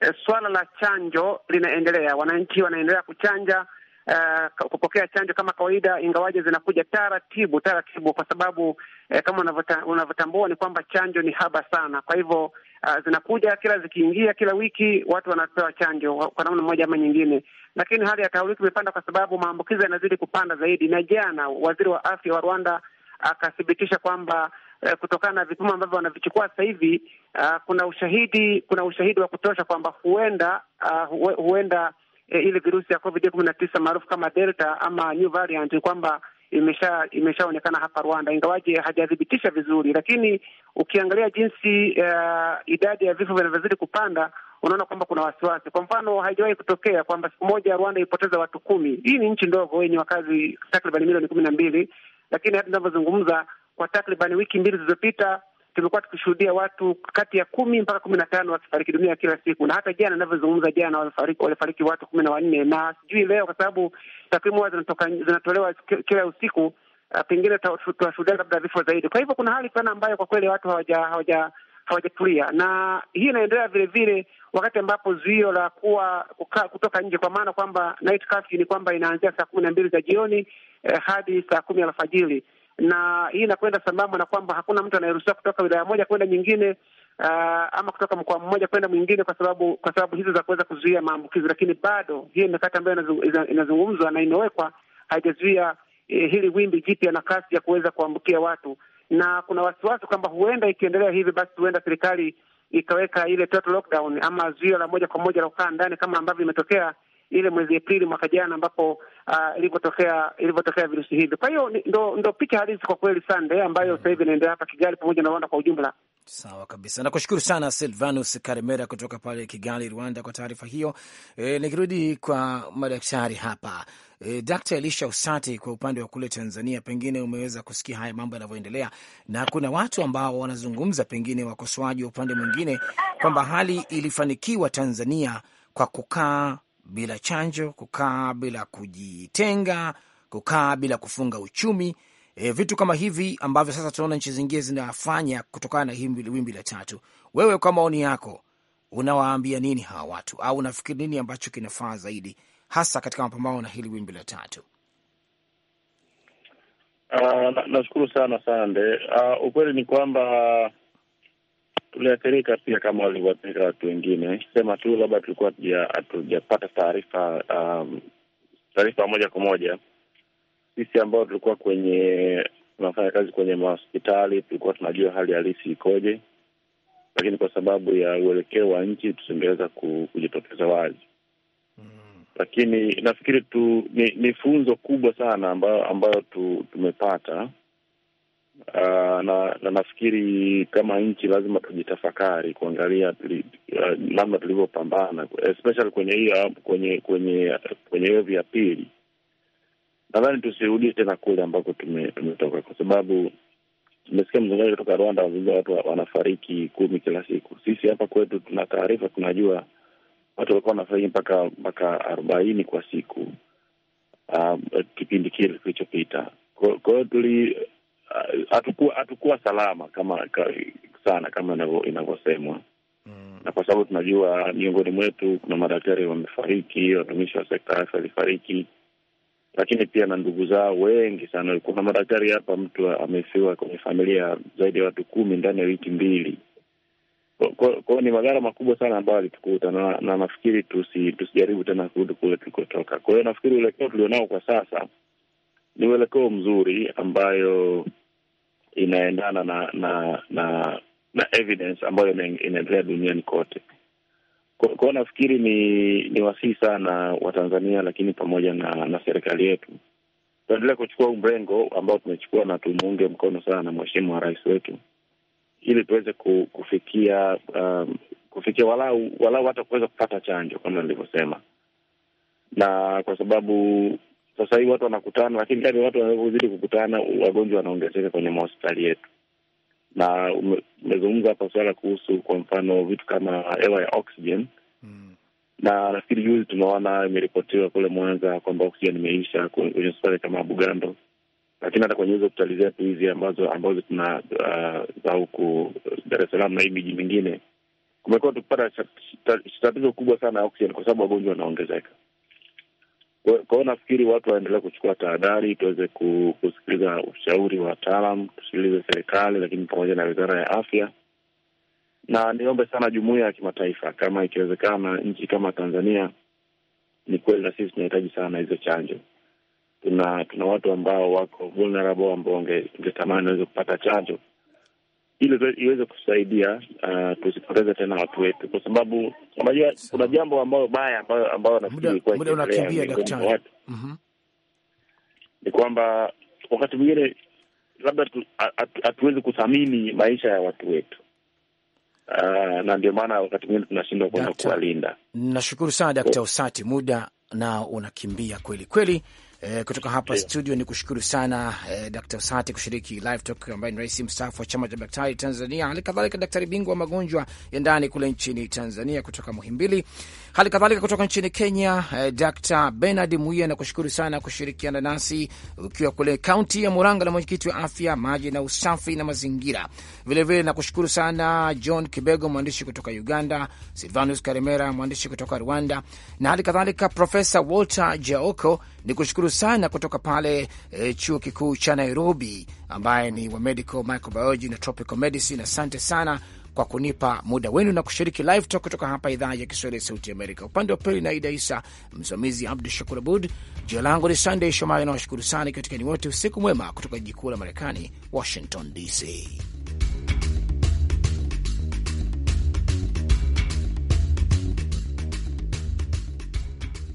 eh, swala la chanjo linaendelea. Wananchi wanaendelea kuchanja uh, kupokea chanjo kama kawaida, ingawaje zinakuja taratibu taratibu, kwa sababu uh, kama unavyotambua ni kwamba chanjo ni haba sana. Kwa hivyo uh, zinakuja kila zikiingia, kila wiki watu wanapewa chanjo kwa namna moja ama nyingine, lakini hali ya taharuki imepanda kwa sababu maambukizi yanazidi kupanda zaidi, na jana waziri wa afya wa Rwanda akathibitisha kwamba eh, kutokana na vipimo ambavyo wanavichukua sasa hivi, uh, kuna ushahidi kuna ushahidi wa kutosha kwamba huenda uh, huenda e, ile virusi ya Covid kumi na tisa maarufu kama Delta ama new variant kwamba imesha imeshaonekana hapa Rwanda, ingawaje hajathibitisha vizuri, lakini ukiangalia jinsi uh, idadi ya vifo vinavyozidi kupanda, unaona kwamba kuna wasiwasi. Kwa mfano, haijawahi kutokea kwamba siku moja Rwanda ipoteza watu kumi. Hii ni nchi ndogo yenye wakazi takriban milioni kumi na mbili, lakini hata inavyozungumza, kwa takriban wiki mbili zilizopita tumekuwa tukishuhudia watu kati ya kumi mpaka kumi na tano wakifariki dunia kila siku, na hata jana inavyozungumza, jana walifariki watu kumi na wanne na sijui leo, kwa sababu takwimu huwa zinatolewa kila usiku, eh, pengine tunashuhudia labda vifo zaidi. Kwa hivyo kuna hali sana ambayo kwa kweli watu hawaja hawaja hawajatulia na hii inaendelea vile vile, wakati ambapo zuio la kuwa kuka, kutoka nje kwa maana kwamba night curfew ni kwamba inaanzia saa kumi na mbili za jioni eh, hadi saa kumi alfajiri na hii inakwenda sambamba na kwamba hakuna mtu anayeruhusiwa kutoka wilaya moja kwenda nyingine, uh, ama kutoka mkoa mmoja kwenda mwingine, kwa sababu kwa sababu hizo za kuweza kuzuia maambukizi. Lakini bado hiyo mikakati ambayo inazungumzwa na imewekwa haijazuia eh, hili wimbi jipya na kasi ya kuweza kuambukia watu, na kuna wasiwasi kwamba huenda ikiendelea hivi, basi huenda serikali ikaweka ile total lockdown ama zuio la moja kwa moja la kukaa ndani kama ambavyo imetokea ile mwezi Aprili mwaka jana ambapo uh, ilivyotokea ilivyotokea virusi hivyo. Kwa hiyo ndo, ndo picha halisi kwa kweli Sande ambayo sasa hivi inaendelea hapa Kigali pamoja na Rwanda kwa ujumla. Sawa kabisa, nakushukuru sana Silvanus Karimera kutoka pale Kigali, Rwanda, kwa taarifa hiyo. E, nikirudi kwa madaktari hapa e, Dkt. Elisha Usati, kwa upande wa kule Tanzania, pengine umeweza kusikia haya mambo yanavyoendelea, na kuna watu ambao wanazungumza, pengine wakosoaji wa upande mwingine, kwamba hali ilifanikiwa Tanzania kwa kukaa bila chanjo, kukaa bila kujitenga, kukaa bila kufunga uchumi e, vitu kama hivi ambavyo sasa tunaona nchi zingine zinafanya kutokana na hii wimbi la tatu. Wewe kwa maoni yako unawaambia nini hawa watu, au unafikiri nini ambacho kinafaa zaidi hasa katika mapambano na hili wimbi la tatu? Uh, nashukuru na sana sande. Uh, ukweli ni kwamba tuliathirika pia kama walivyoathirika watu wengine, sema tu labda tulikuwa hatujapata taarifa um, taarifa moja kwa moja. Sisi ambao tulikuwa kwenye tunafanya kazi kwenye mahospitali tulikuwa tunajua hali halisi ikoje, lakini kwa sababu ya uelekeo wa nchi tusingeweza kujitokeza wazi mm. Lakini nafikiri tu ni, ni funzo kubwa sana ambayo, ambayo tu, tumepata Uh, na, na nafikiri kama nchi lazima tujitafakari kuangalia tuli, uh, ah, namna tulivyopambana especially kwenye hiyo ah, kwenye kwenye kwenye hiyo vya pili. Nadhani tusirudie tena kule ambako tumetoka, kwa sababu tumesikia mzungaji kutoka Rwanda wazia watu wanafariki kumi kila siku. Sisi hapa kwetu tuna taarifa, tunajua watu walikuwa wanafariki mpaka mpaka arobaini kwa siku, um, kipindi kile kilichopita. Kwa hiyo Ah, hatukuwa hatukuwa salama kama sana kama inavyosemwa mm. na kwa sababu tunajua miongoni mwetu kuna madaktari wamefariki, watumishi wa sekta afya walifariki, lakini pia na ndugu zao wengi sana. Kuna madaktari hapa, mtu amefiwa kwenye familia zaidi ya watu kumi ndani ya wiki mbili. Kwao ni madhara makubwa sana ambayo alitukuta, na, na nafikiri tusi, tusijaribu tena kurudi kule tulikotoka. Kwa hiyo nafikiri uelekeo tulionao kwa sasa ni uelekeo mzuri ambayo inaendana na na na na evidence ambayo inaendelea duniani kote. Kwa hiyo nafikiri ni ni wasihi sana wa tanzania lakini pamoja na na serikali yetu tuendelea kuchukua huu mrengo ambao tumechukua na tumuunge mkono sana Mheshimiwa Rais wetu ili tuweze kufikia um, kufikia walau walau hata kuweza kupata chanjo kama nilivyosema, na kwa sababu sasa hivi watu wanakutana, lakini ndani watu wanavyozidi kukutana, wagonjwa wanaongezeka kwenye mahospitali yetu. Na umezungumza hapa suala kuhusu kwa mfano vitu kama hewa ya oxygen mm. na nafikiri juzi tumeona imeripotiwa kule Mwanza kwamba oksijeni imeisha kwenye hospitali kama Bugando, lakini hata kwenye hizo hospitali zetu hizi ambazo ambazo tuna uh, za huku Dar es Salaam na hii miji mingine kumekuwa tukipata tatizo kubwa sana ya oksijeni kwa sababu wagonjwa wanaongezeka. Kwa hiyo nafikiri watu waendelee kuchukua tahadhari, tuweze kusikiliza ushauri wa wataalam, tusikilize serikali, lakini pamoja na wizara ya afya, na niombe sana jumuiya ya kimataifa, kama ikiwezekana, nchi kama Tanzania, ni kweli na sisi tunahitaji sana hizo chanjo. Tuna tuna watu ambao wako vulnerable ambao wangetamani waweze kupata chanjo ili iweze kusaidia uh, tusipoteze tena watu wetu, kwa sababu unajua kuna jambo ambayo baya ambayo ambayo watu mm-hmm. ni kwamba wakati mwingine labda hatuwezi at, kuthamini maisha ya watu wetu. Uh, na ndio maana wakati mwingine tunashindwa kwenda kuwalinda. Nashukuru sana Daktari Usati, muda na unakimbia kweli kweli. E, kutoka hapa yeah, studio ni kushukuru sana e, eh, Dkt. Sati kushiriki live talk, ambaye ni rais mstaafu wa chama cha daktari Tanzania, hali kadhalika daktari bingwa wa magonjwa ya ndani kule nchini Tanzania kutoka Muhimbili, hali kadhalika kutoka nchini Kenya eh, Dkt. Bernard Muya na kushukuru sana kushirikiana nasi ukiwa kule kaunti ya Muranga na mwenyekiti wa afya, maji na usafi na mazingira. Vilevile nakushukuru sana John Kibego, mwandishi kutoka Uganda, Silvanus Karimera, mwandishi kutoka Rwanda na hali kadhalika Profesa Walter Jaoko ni kushukuru sana kutoka pale e, chuo kikuu cha Nairobi, ambaye ni wa medical microbiology na tropical medicine. Asante sana kwa kunipa muda wenu na kushiriki live talk kutoka hapa idhaa ya Kiswahili ya Sauti Amerika. Upande wa pili na Aida Isa, msimamizi Abdu Shakur Abud. Jina langu ni Sandey Shomari, nawashukuru sana ikiwatikani wote. Usiku mwema kutoka jiji kuu la Marekani, Washington DC.